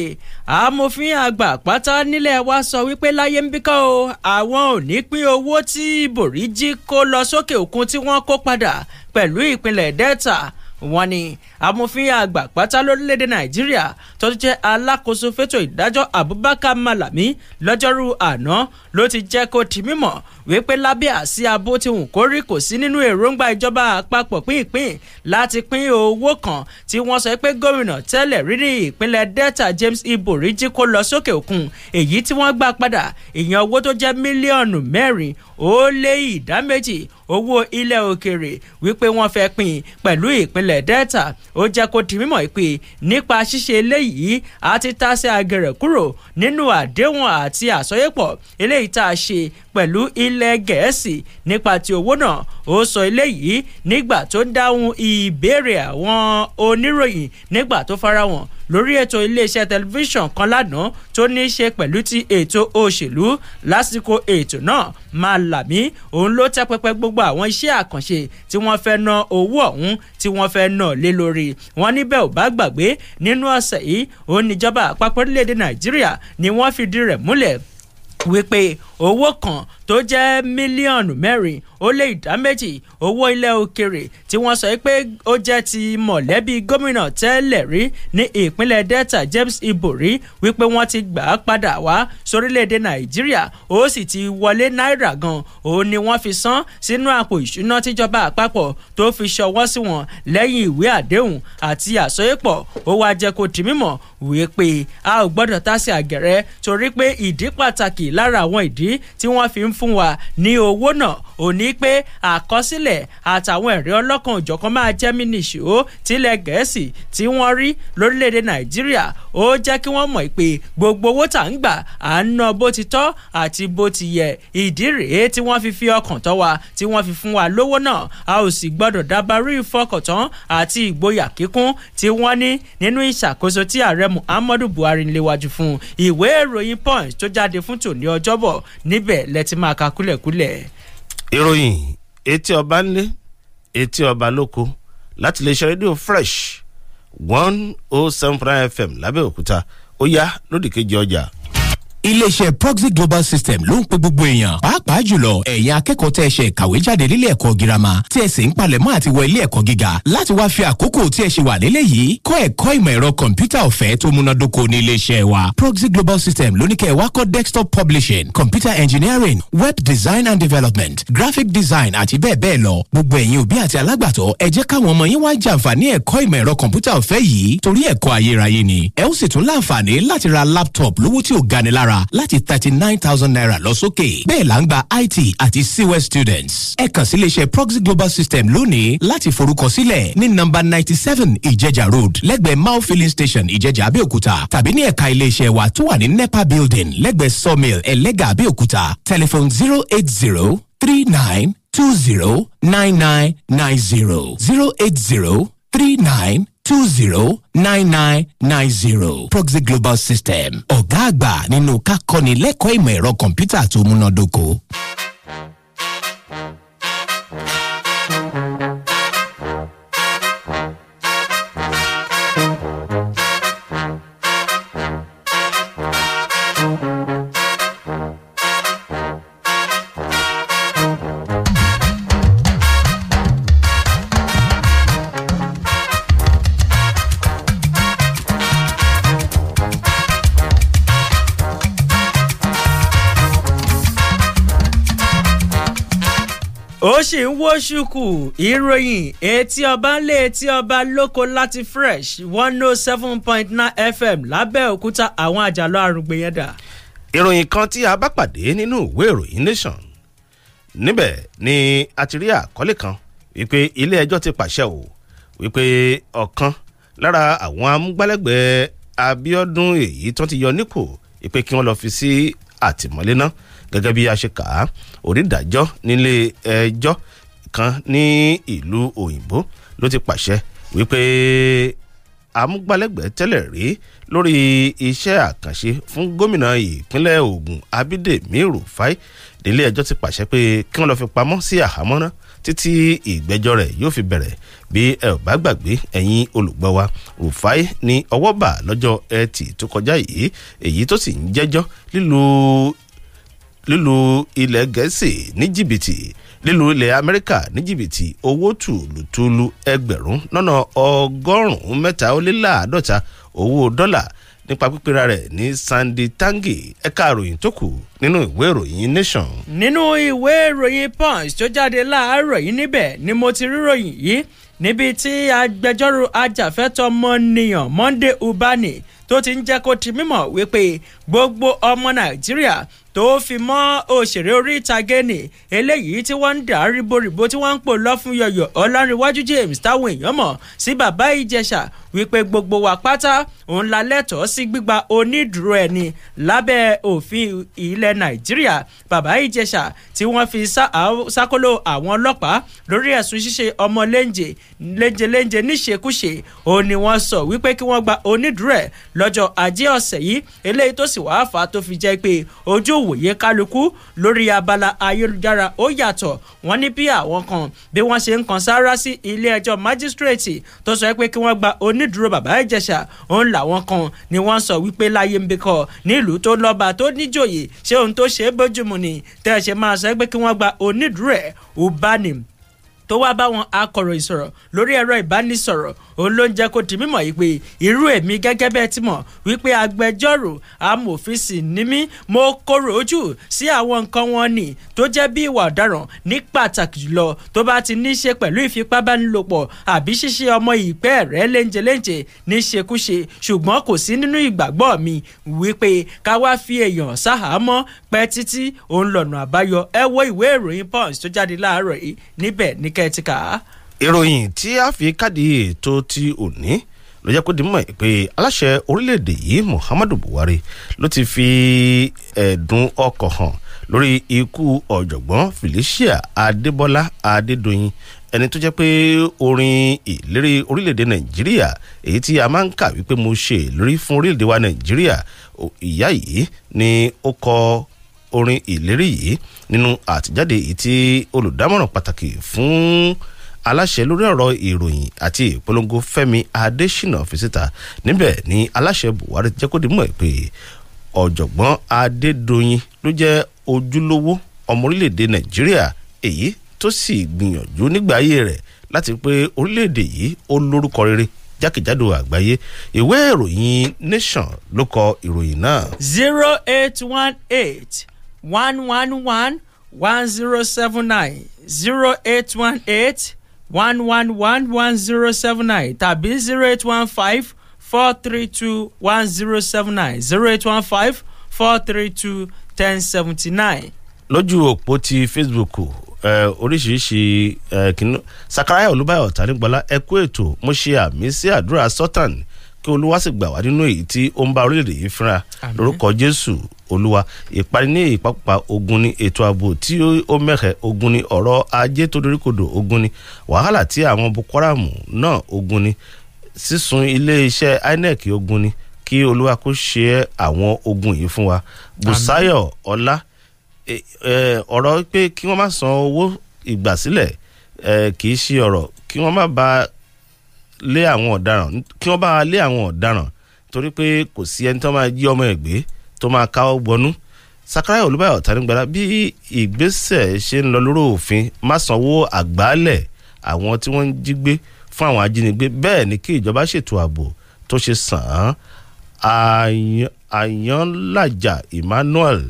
amòfin àgbà pátá nílẹ̀ wa sọ wípé láyé ń bí kọ́ o àwọn ò ní pín owó tí ìbòrí jí kó lọ sókè òkun tí wọ́n kó padà pẹ̀lú ìpínlẹ̀ delta wọ́n ní amòfin àgbà pátá lórílẹ̀‐èdè nàìjíríà tó tún jẹ́ alákòóso fétò ìdájọ́ abubakar malami lọ́jọ́rú àná ló ti jẹ́ kó di mímọ̀ wípé lábẹ́ àsí abo tí wọ́n kó rí kò sí nínú èròǹgbà ìjọba àpapọ̀ pínpín láti pín owó kan tí wọ́n sọ pé gómìnà tẹ́lẹ̀ rí ní ìpínlẹ̀ delta james ibori jí kó lọ sókè òkun èyí tí wọ́n gbà padà ìyẹn owó tó jẹ́ mílíọ̀nù mẹ́rin ó lé ìdá méjì owó ilẹ̀ òkèrè wípé wọ́n fẹ́ pín pẹ̀lú ìpínlẹ̀ delta ó jẹ́ kó di mímọ̀ pé nípa ṣíṣe eléyìí a ti tásẹ̀ agẹrẹ̀ kúrò nínú àdéhùn àti àsọyépọ̀ eléyìí tá a ṣe pẹ̀lú ilẹ̀ gẹ̀ẹ́sì nípa ti owó náà ó sọ eléyìí nígbà tó ń dáhùn ìbéèrè àwọn oníròyìn nígbà tó farahàn lórí ètò iléeṣẹ́ tẹlifíṣàn kan lánàá tó ní í ṣe pẹ̀lú ti ètò òṣèlú lásìkò ètò náà Malami òun ló tẹ́ pẹpẹ gbogbo àwọn iṣẹ́ àkànṣe tí wọ́n fẹ́ ná owó ọ̀hún tí wọ́n fẹ́ ná lé lórí wọn níbẹ̀ ò bá gbàgbé nínú ọ̀sẹ̀ yìí òun níjọba àpapọ̀ orílẹ̀-èdè Nàìjíríà ni wọ́n fìdí rẹ̀ múlẹ̀ wípé owó kan tó jẹ́ mílíọ̀nù mẹ́rin ó lé ìdá méjì owó ilẹ̀ òkèrè tí wọ́n sọ pé ó jẹ́ ti mọ̀lẹ́bí gómìnà tẹ́lẹ̀ rí ní ìpínlẹ̀ Delta James Ibori wípé wọ́n ti gbà á padà wá sórílẹ̀‐èdè Nàìjíríà ó sì ti wọlé náírà gan òun ni wọ́n fi san sínú àpò ìṣúná tíjọba àpapọ̀ tó fi ṣọwọ́ sí wọn lẹ́yìn ìwé àdéhùn àti àsọyépọ̀ ó wá jẹ́ kó di mímọ̀ wípé a ò gbọ́dọ̀ tásì àgẹ̀rẹ́ torí pé ìdí pàtàkì lára àwọn ìdí ìdí tí wọ́n fi ń fún wa ní owó náà ò ní pé àkọsílẹ̀ àtàwọn ẹ̀rí ọlọ́kan òjọ̀kan máa jẹ́ mí nìṣó tilẹ̀ gẹ̀ẹ́sì tí wọ́n rí lórílẹ̀‐èdè nàìjíríà ó jẹ́ kí wọ́n mọ̀ pé gbogbo owó tà ń gbà à ń ná bó ti tọ́ àti bó ti yẹ ìdí rèé tí wọ́n fi fi ọkàn tọ́ wa tí wọ́n fi fún wa lówó náà a ò sì gbọ́dọ̀ dábàárí ìfọkàntán àti ìgboyà kíkún tí wọ́n ní nínú ìṣàkóso tí ààrẹ muhammadu buhari ń léwájú fún ìwé ìròyìn punch tó jáde fún tòní ọjọ́bọ̀ níbẹ̀ lẹ ti máa ka kúlẹ̀kúlẹ̀. ìròyìn etí ọba ńlé etí ọba lóko láti lè rédíò fresh one oh seven prime fm lábẹ́òkúta ó yá lódìkejì ọjà iléeṣẹ́ proxy global system ló ń pe gbogbo èèyàn pàápàá jùlọ ẹ̀yin akẹ́kọ̀ọ́ tẹ́ ẹ ṣe kàwé jáde nílé ẹ̀kọ́ girama tí ẹ sì ń palẹ̀mọ́ àti wọ ilé ẹ̀kọ́ gíga láti wá fi àkókò tí ẹ ṣe wà nílé yìí kọ́ ẹ̀kọ́ ìmọ̀ ẹ̀rọ kọ̀ǹpútà ọ̀fẹ́ tó múnádóko ní iléeṣẹ́ wa proxy global system ló ní kẹ́ ẹ wá kọ́ desktop publishing computer engineering web design and development graphic design àti bẹ́ẹ̀ bẹ́ẹ̀ lọ gbogbo ẹ̀yin òbí àti alágbàtọ́ ẹ jẹ́ káwọn ọmọ yín wá jàǹfààní ẹ̀kọ́ ìmọ̀ ẹ̀rọ kọ̀ǹpútà ọ̀fẹ́ yìí torí ẹ̀kọ́ ayérayé ni ẹ ó sì tún láǹfààní láti ra laptop lówó tí ò gani mẹ́ta láti thirty nine thousand naira lọ sókè bẹ́ẹ̀ là ń gba IT àti CWES students ẹ kàn sí iléeṣẹ́ Proxy Global System lónìí láti forúkọsílẹ̀ ní number ninety seven Ìjẹ̀jà road lẹ́gbẹ̀ẹ́ Mao filling station Ìjẹ̀jà Abẹ́òkúta tàbí ní ẹ̀ka iléeṣẹ́ wa tó wà ní NEPA building lẹ́gbẹ̀ẹ́ sawmill Ẹlẹ́gà Abẹ́òkúta telephone zero eight zero three nine two zero nine nine nine zero zero eight zero three nine. 209990 proxy global system ọ̀gá àgbà nínú kákọ́ni lẹ́kọ̀ọ́ ìmọ̀ ẹ̀rọ kọ̀m̀pútà tó múnádóko. sì ń wó ìròyìn etí ọba ń lé etí ọba lóko láti fresh one oh seven point nine fm lábẹ́òkúta àwọn àjàlọ́ arúgbìyẹn dà. ìròyìn kan tí a bá pàdé nínú ìwé ìròyìn nation níbẹ̀ ni a ti rí àkọlé kan wípé ilé ẹjọ́ ti pàṣẹ o wípé ọ̀kan lára àwọn amúgbálẹ́gbẹ̀ẹ́ Abíọ́dún èyí tó ti yọ nípò wípé kí wọ́n lọ fi sí àtìmọ́lé náà gẹ́gẹ́ bí a ṣe kà á onídàájọ́ nílé ẹjọ́ kan ní ìlú òyìnbó ló ti pàṣẹ wípé amúgbálẹ́gbẹ̀ẹ́ tẹ́lẹ̀ rí lórí iṣẹ́ àkànṣe fún gómìnà ìpínlẹ̀ Ògùn Abídèmí Rufai nílé ẹjọ́ ti pàṣẹ pé kí wọ́n lọ fi pamọ́ sí àhámọ́ náà títí ìgbẹ́jọ́ rẹ̀ yóò fi bẹ̀rẹ̀ bí ẹ ò bá gbàgbé ẹ̀yin olùgbọ́ wa Rufai ni ọwọ́ bà lọ́jọ́ Ẹtì tó kọjá yìí èyí tó sì ń jẹ́jọ́ lílo lílu ilẹ̀ gẹ̀ẹ́sì ní jìbìtì lílu ilẹ̀ amẹ́ríkà ní jìbìtì owó tùlùtùlù ẹgbẹ̀rún lọ́nà ọgọ́rùn-ún mẹ́ta ó lé láàádọ́ta owó dọ́là nípa pípera rẹ̀ ní Sandy Tangi ẹ̀ka ìròyìn tó kù nínú ìwé ìròyìn Nation. nínú ìwé ìròyìn Punch tó jáde láàárọ̀ yìí níbẹ̀ ni mo ti ríròyìn yìí níbi tí agbẹjọ́rò ajàfẹ́tọ̀ọ́mọnìyàn Monday Ubani tó ti ń jẹ́ kó ti mímọ̀ wípé gbogbo ọmọ Nàìjíríà tó fi mọ́ òṣèré orí ìtàgé ni eléyìí tí wọ́n ń dà ríboríbo tí wọ́n ń pò lọ fún yọ̀yọ̀ ọlárìnwájú James táwọn èèyàn mọ̀ sí bàbá Ìjẹ̀ṣà wípé gbogbo wa pátá òun la lẹ́tọ̀ọ́ sí gbígba onídùúró ẹni lábẹ́ òfin ilẹ̀ nàìjíríà bàbá ìjẹsà tí wọ́n fi sákòlò àwọn ọlọ́pàá lórí ẹ̀sùn ṣíṣe ọmọ léńjẹ léńjẹ léńjẹ níṣekúṣe òun ni wọ́n sọ wípé kí wọ́n gba onídùúró ẹ̀ lọ́jọ́ ajé ọ̀sẹ̀ yìí eléyìí tó sì wàá fà á tó fi jẹ́ pé ojú òwòye kálukú lórí abala ayélujára ó yàtọ̀ wọ́n ní bí àwọn kan bí wọ́n ṣe ń kan sáárá onídùúró bàbá ìjẹ̀ṣà òun làwọn kan ni wọ́n sọ wípé láyé ń bí kọ nílùú tó lọ́ba tó níjòyè ṣé ohun tó ṣe é bójúmu ni tẹ́ ẹ ṣe máa sọ pé kí wọ́n gba onídùúró ẹ̀ ò bá ní tó wá bá wọn akọ̀ròyìn sọ̀rọ̀ lórí ẹ̀rọ ìbánisọ̀rọ̀ òun ló ń jẹ́ kó di mímọ̀ yìí pé irú èmi gẹ́gẹ́ bẹ́ẹ̀ ti mọ̀ wípé agbẹjọ́rò amòfin sì ni mí mo kóró ojú sí àwọn nǹkan wọn nì tó jẹ́ bí ìwà ọ̀daràn ní pàtàkì jùlọ tó bá ti ní í ṣe pẹ̀lú ìfipábánilòpọ̀ àbí ṣíṣe ọmọ ìpẹ́ rẹ̀ léńjẹ léńjẹ ní ṣekúṣe ṣùgbọ́n kò sí nínú ìgbàgbọ́ mi wípé ká wá fi èèyàn sáhàámọ́ pẹ́ títí òun lọ̀nà àbáyọ ẹ wo ìwé kẹ̀tìkà. ìròyìn tí a fi káàdì ètò ti òní ló jẹ́ kó di mọ̀ pé aláṣẹ orílẹ̀-èdè yìí Muhammadu Buhari ló ti fi ẹ̀dùn ọkàn hàn lórí ikú ọ̀jọ̀gbọ́n Felicia Adébọ́lá Adédoyin ẹni tó jẹ́ pé orin ìlérí orílẹ̀-èdè nàìjíríà èyí tí a máa ń kà wípé mo ṣe ìlérí fún orílẹ̀-èdè wa nàìjíríà ìyá yìí ni ó kọ orin ìlérí yìí nínú àtijáde yìí tí olùdámọ̀ràn pàtàkì fún aláṣẹ lórí ọ̀rọ̀ ìròyìn àti ìpolongo Fẹ́mi Adésínà fi síta níbẹ̀ ni aláṣẹ Buhari jẹ́ kó di mọ̀ pé ọ̀jọ̀gbọ́n Adédoyin ló jẹ́ ojúlówó ọmọ orílẹ̀-èdè Nàìjíríà èyí tó sì gbìyànjú nígbà ayé rẹ̀ láti pé orílẹ̀-èdè yìí ó lórúkọ rere jákèjádò àgbáyé ìwé ìròyìn Nation ló kọ ìròyìn náà. zero eight one eight one one one one zero seven nine zero eight one eight one one one one zero seven nine tàbí zero eight one five four three two one zero seven nine zero eight one five four three two ten seventy nine. lójú òpó ti facebook oríṣiríṣi kìnnìún sakaraya olúbáyọ̀ tanigbọ́lá ẹ kú ètò mo ṣe àmì sí àdúrà sọ́tàn kí olúwa sì gbà wá nínú èyí tí ó ń bá orílẹ̀-èdè yìí fínra lórúkọ jésù olúwa ìparí ní ìpapà ogun ni ètò ààbò tí ó mẹ́hẹ̀ ogun ni ọ̀rọ̀ ajé tó doríkodò ogun ni wàhálà tí àwọn boko haram náà ogun ni sísun iléeṣẹ́ inec ogun ni kí olúwa kó ṣe àwọn ogun yìí fún wa busayo ọlá ọ̀rọ̀ pé kí wọ́n má san owó ìgbàsílẹ̀ kì í ṣe ọ̀rọ̀ kí wọ́n má ba lé àwọn ọ̀daràn kí wọ́n bá lé àwọn ọ̀daràn torí pé kò sí ẹni tó máa jí ọmọ ẹ̀ gbé tó máa káwọ́ gbọnú Sakaraya Olúbáyọ̀ Tánígbàlá bí ìgbésẹ̀ ṣe ń lọ lóró òfin má sanwó àgbálẹ̀ àwọn tí wọ́n ń jí gbé fún àwọn ajínigbé bẹ́ẹ̀ ni kí ìjọba ṣètò ààbò tó ṣe sàn án àyànlájà Emmanuel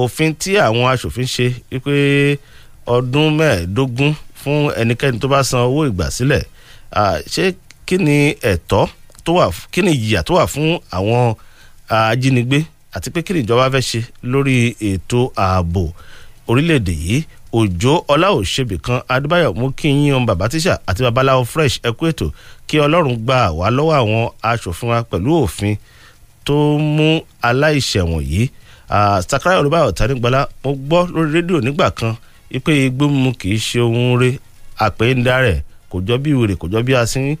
òfin tí àwọn aṣòfin ṣe wípé ọdún mẹ́ẹ̀ẹ́dógún fún ẹnikẹ́ni tó bá san owó ìgbàsílẹ̀ ṣé kí ni ẹ̀tọ́ tó wà kí ni ìyà tó wà fún àwọn ajínigbé àti pé kí ni ìjọba fẹ́ ṣe lórí ètò ààbò orílẹ̀-èdè yìí òjò ọláò ṣebì kan adébáyọ̀ mú kí yín ohun bàbá tíṣà àti babaláwo fresh ẹkú ètò kí ọlọ́run gbà wá lọ́wọ́ àwọn aṣòfin wa pẹ̀lú òfin tó mú aláìṣẹ̀wọ̀n yìí Sakaraya olùbáyọ̀ tanígbọ́lá mo gbọ́ lórí rédíò nígbà kan wípé igbó mímu kì í ṣe ohun rẹ̀ kò jọ bí wèrè kò jọ bí asín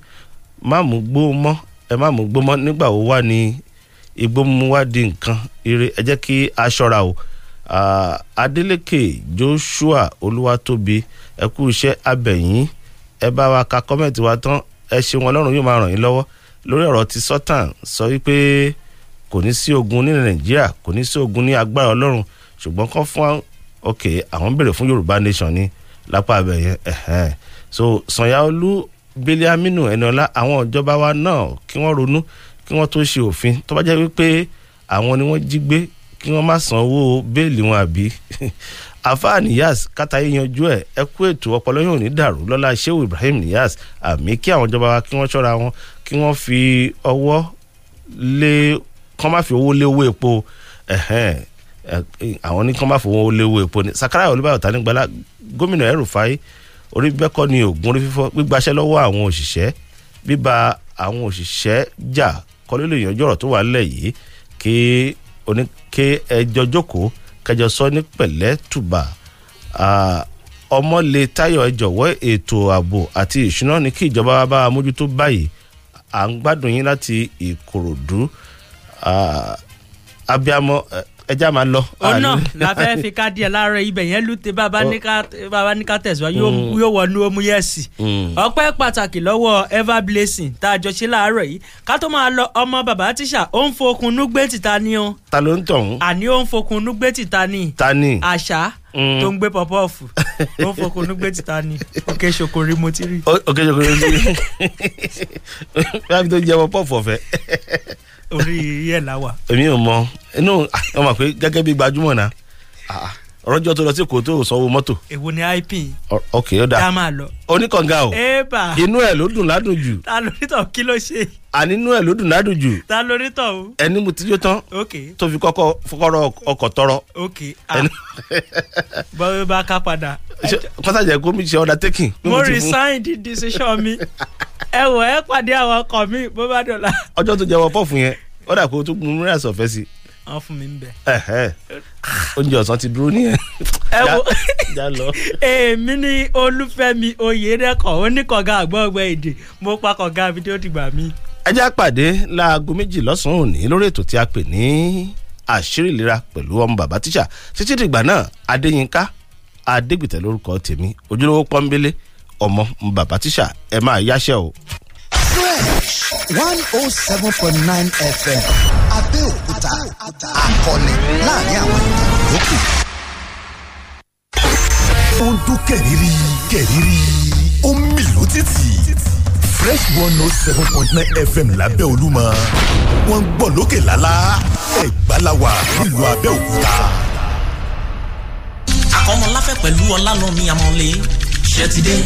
má mú gbó mọ́ ẹ má mú gbó mọ́ nígbà wo wà ní igbó mú wá di nǹkan ire ẹ jẹ́ kí a ṣọ́ra o Adeleke Joshua Olúwatóbi ẹ kú iṣẹ́ abẹ̀yìn ẹ bá wa ka kọ́mẹ̀ntì wa tán ẹ ṣeun Ọlọ́run yóò máa ràn yín lọ́wọ́ lórí ọ̀rọ̀ tí Sultan sọ wípé kò ní sí ogun ní Nàìjíríà kò ní sí ogun ní agbára Ọlọ́run ṣùgbọ́n kán fún ok àwọn béèrè fún Yorùbá nation ní lápá abẹ́yẹn ẹ̀hẹ́n. Eh, eh so Sanyaolu Biliaminu Eniola àwọn ìjọba wa náà kí wọ́n ronú kí wọ́n tó ṣe òfin tó bá jẹ́ wípé àwọn ni wọ́n jí gbé kí wọ́n má san owó bẹ́ẹ̀lì wọn àbí *laughs* àfáà Niyas kátàyé yanjú ẹ̀ ẹ kú ètò ọpọlọ yóò ní dàrú lọ́la Shehu Ibrahim Niyas àmì kí àwọn ìjọba wa kí wọ́n ṣọ́ra wọn kí wọ́n fi ọwọ́ lé kán má fi owó lé owó epo àwọn ní kán má fi owó lé epo ni Sakaraya Olúbáyọ̀ Tanígbàlá gómìnà El Rufai orí bíbẹ́ kọ́ ni oògùn orí fífọ́ gbígbaṣẹ́ lọ́wọ́ àwọn òṣìṣẹ́ bíba àwọn òṣìṣẹ́ jà kọ́ ló lè yanjú ọ̀rọ̀ tó wà nílẹ̀ yìí kí oní kí ẹjọ́ jókòó kẹjọ sọ ní pẹ̀lẹ́ tùbà ọmọlé táyọ̀ ẹ jọ̀wọ́ ètò ààbò àti ìṣúná ni kí ìjọba wa bá mójútó báyìí à ń gbádùn yín láti Ìkòròdú abiyamọ ẹja máa lọ. ó náà la fẹ́ fi ká díẹ̀ láàárọ̀ ibẹ̀ yẹn lùtẹ̀ bàbá ní ká tẹ̀síwájú yóò mm. wọnú omu yẹ́sì. Mm. ọpẹ́ pàtàkì lọ́wọ́ ever blessing tá a jọ ṣe láàárọ̀ yìí ká tó máa lọ ọmọ bàbá tíṣà ó ń fokun núgbé tìta ni o. ta ló ń tọ̀hún. àní ó ń fokun núgbé tìta ni. ta ni. àṣà mm. tó ń gbé pọpọ́ọ̀fù ó ń fokun núgbé tìta ni òkè ṣokòrí mo ti rí. òkè ṣokòrí mo ti rí. *laughs* orí yẹ wa. èmi ò mọ inú wọn mọ̀ pé gẹ́gẹ́ bí gbajúmọ̀ náà rọjò ah, ah. tó lọ sí kòtò sanwó mọ́tò. èwo ni ip. ok ó dáa dáa lọ. oníkànga o. eba. inú ẹ ló dùn ládùn jù. ta lórí kí ló ṣe. àní inú ẹ ló dùn ládùn jù. ta lórí o. ẹni mo ti jó tán. ok tó fi kọ́kọ́ fọ́kọ́rọ́ ọkọ̀ tọrọ. ok ah bọ́wé bá ká padà. pátá jẹ́ kó mi ṣe undertaking. mo resign the decision mi. *laughs* ẹ wọ ẹ pàdé àwọn ọkọ mi bó bá dọ̀la. ọjọ́ tó jẹ́ wọ fún yẹn ó dà kó o tún sọ̀fẹ́ sí. wọ́n fún mi ń bẹ̀. oúnjẹ ọ̀sán ti dúró nìyẹn. ẹ wo èmi ni olúfẹ́mi oyèdẹ́kọ̀ oníkọ̀gá èdè mo pa kọ̀gá tí ó ti gbà mí. ẹ já pàdé láago méjì lọ́sàn-án òní lórí ètò tí a pè ní àṣírí ìlera pẹ̀lú ọmọ bàbá tíṣà títí dìgbà ọmọ bàbá tíṣà ẹ máa yáṣẹ́ o. fresh one oh seven point nine fm abẹ́òkúta akọni láàrin àwọn ìdókòwò. ó ń dún kẹ̀rìírí kẹ̀rìírí ó ń mìlú títì fresh one oh seven point nine fm lábẹ́ olúmọ wọ́n ń gbọ́ lókè lálá ẹ̀gbálawa nílùú abẹ́òkúta. àkọ́mọláfẹ́ pẹ̀lú ọlálọ́mí amọ̀lé ṣe ti dé.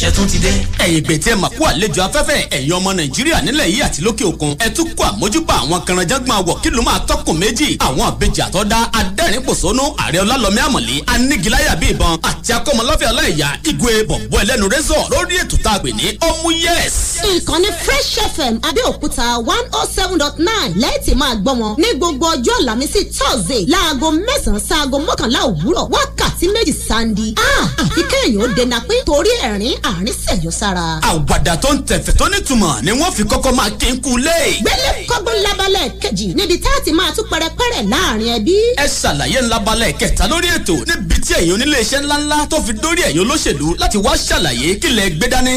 ṣẹ́tún ti dé. ẹ̀yin pé tí ẹ máa kó àlejò afẹ́fẹ́ ẹ̀yin ọmọ nàìjíríà nílẹ̀ yìí àti lókè òkun ẹ tún kó àmójúbà àwọn kanranjágbọ̀n àwọ̀ kí ló máa tọkùn méjì àwọn àbejì àtọ́dá adẹ́rìn pòṣónú ààrẹ ọlálọ́mí àmọ̀lé anígiláyà bí ìbọn àti akọ́mọlọ́fẹ́ ọláìyá igwe bọ̀bọ̀ ẹlẹ́nu rẹ́sọ̀ lórí ètò tá a pè ní ọmú yẹ́s. ìkànnì fresh fm abẹ́òkúta one oh seven dot nine lẹ́ẹ̀tì máa gbọ́ wọn ní gbogbo ọjọ́ àlàmísì thursday láago mẹ́sàn-án sáago mọ́kànlá òwúrọ̀ wákàtí méjì sáńdí. Ah, àfi kẹ́yìn ó dènà pé torí ẹ̀rín àárín sẹ̀yọ́ sára. àwàdà tó ń tẹ̀fẹ̀ tó nítumọ̀ ni wọ́n fi kọ́kọ́ máa kí n kun lé. gbélé kọ́gbọ́n labalẹ̀ kejì níbi tá a ti máa tún pẹrẹpẹrẹ láàrin ẹbí. ẹ ṣàlàyé labalẹ̀ kẹta lórí ètò níbi tí ẹ̀yin oníléeṣẹ́ ńláńlá tó fi dórí ẹ̀yin olóṣèlú láti wá ṣàlàyé kílẹ̀ gbé dání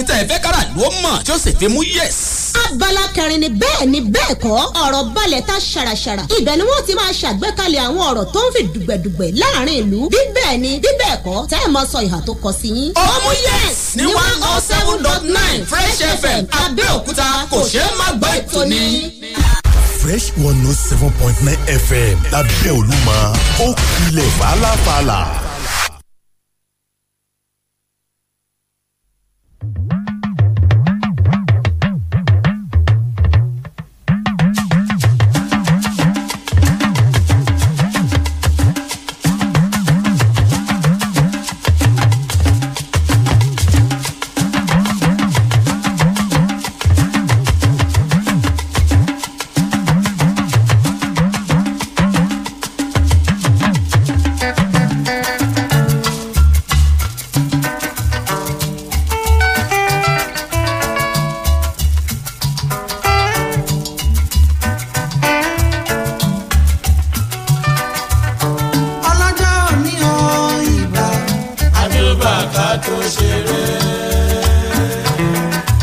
kára ló mọ̀ tí ó sì fi mú yẹ̀sì abala kẹrin ni bẹ́ẹ̀ ni bẹ́ẹ̀ kọ́ ọ̀rọ̀ balẹ̀ ta ṣàràṣàrà ibẹ̀ ni wọ́n ti máa ṣàgbékalẹ̀ àwọn ọ̀rọ̀ tó ń fi dùgbẹ̀dùgbẹ̀ láàrin ìlú bí bẹ́ẹ̀ ni bí bẹ́ẹ̀ kọ́ tẹ́ ẹ̀ máa sọ ìhà tó kọ sí yín. Oh, ọmú yẹs ní one oh seven dot nine fresh fm abẹ́òkúta kò ṣeé má gbọ́ ètò ni. fresh one oh seven point nine fm lábẹ́ olúmọ ó kilẹ̀ fàlàfàlà.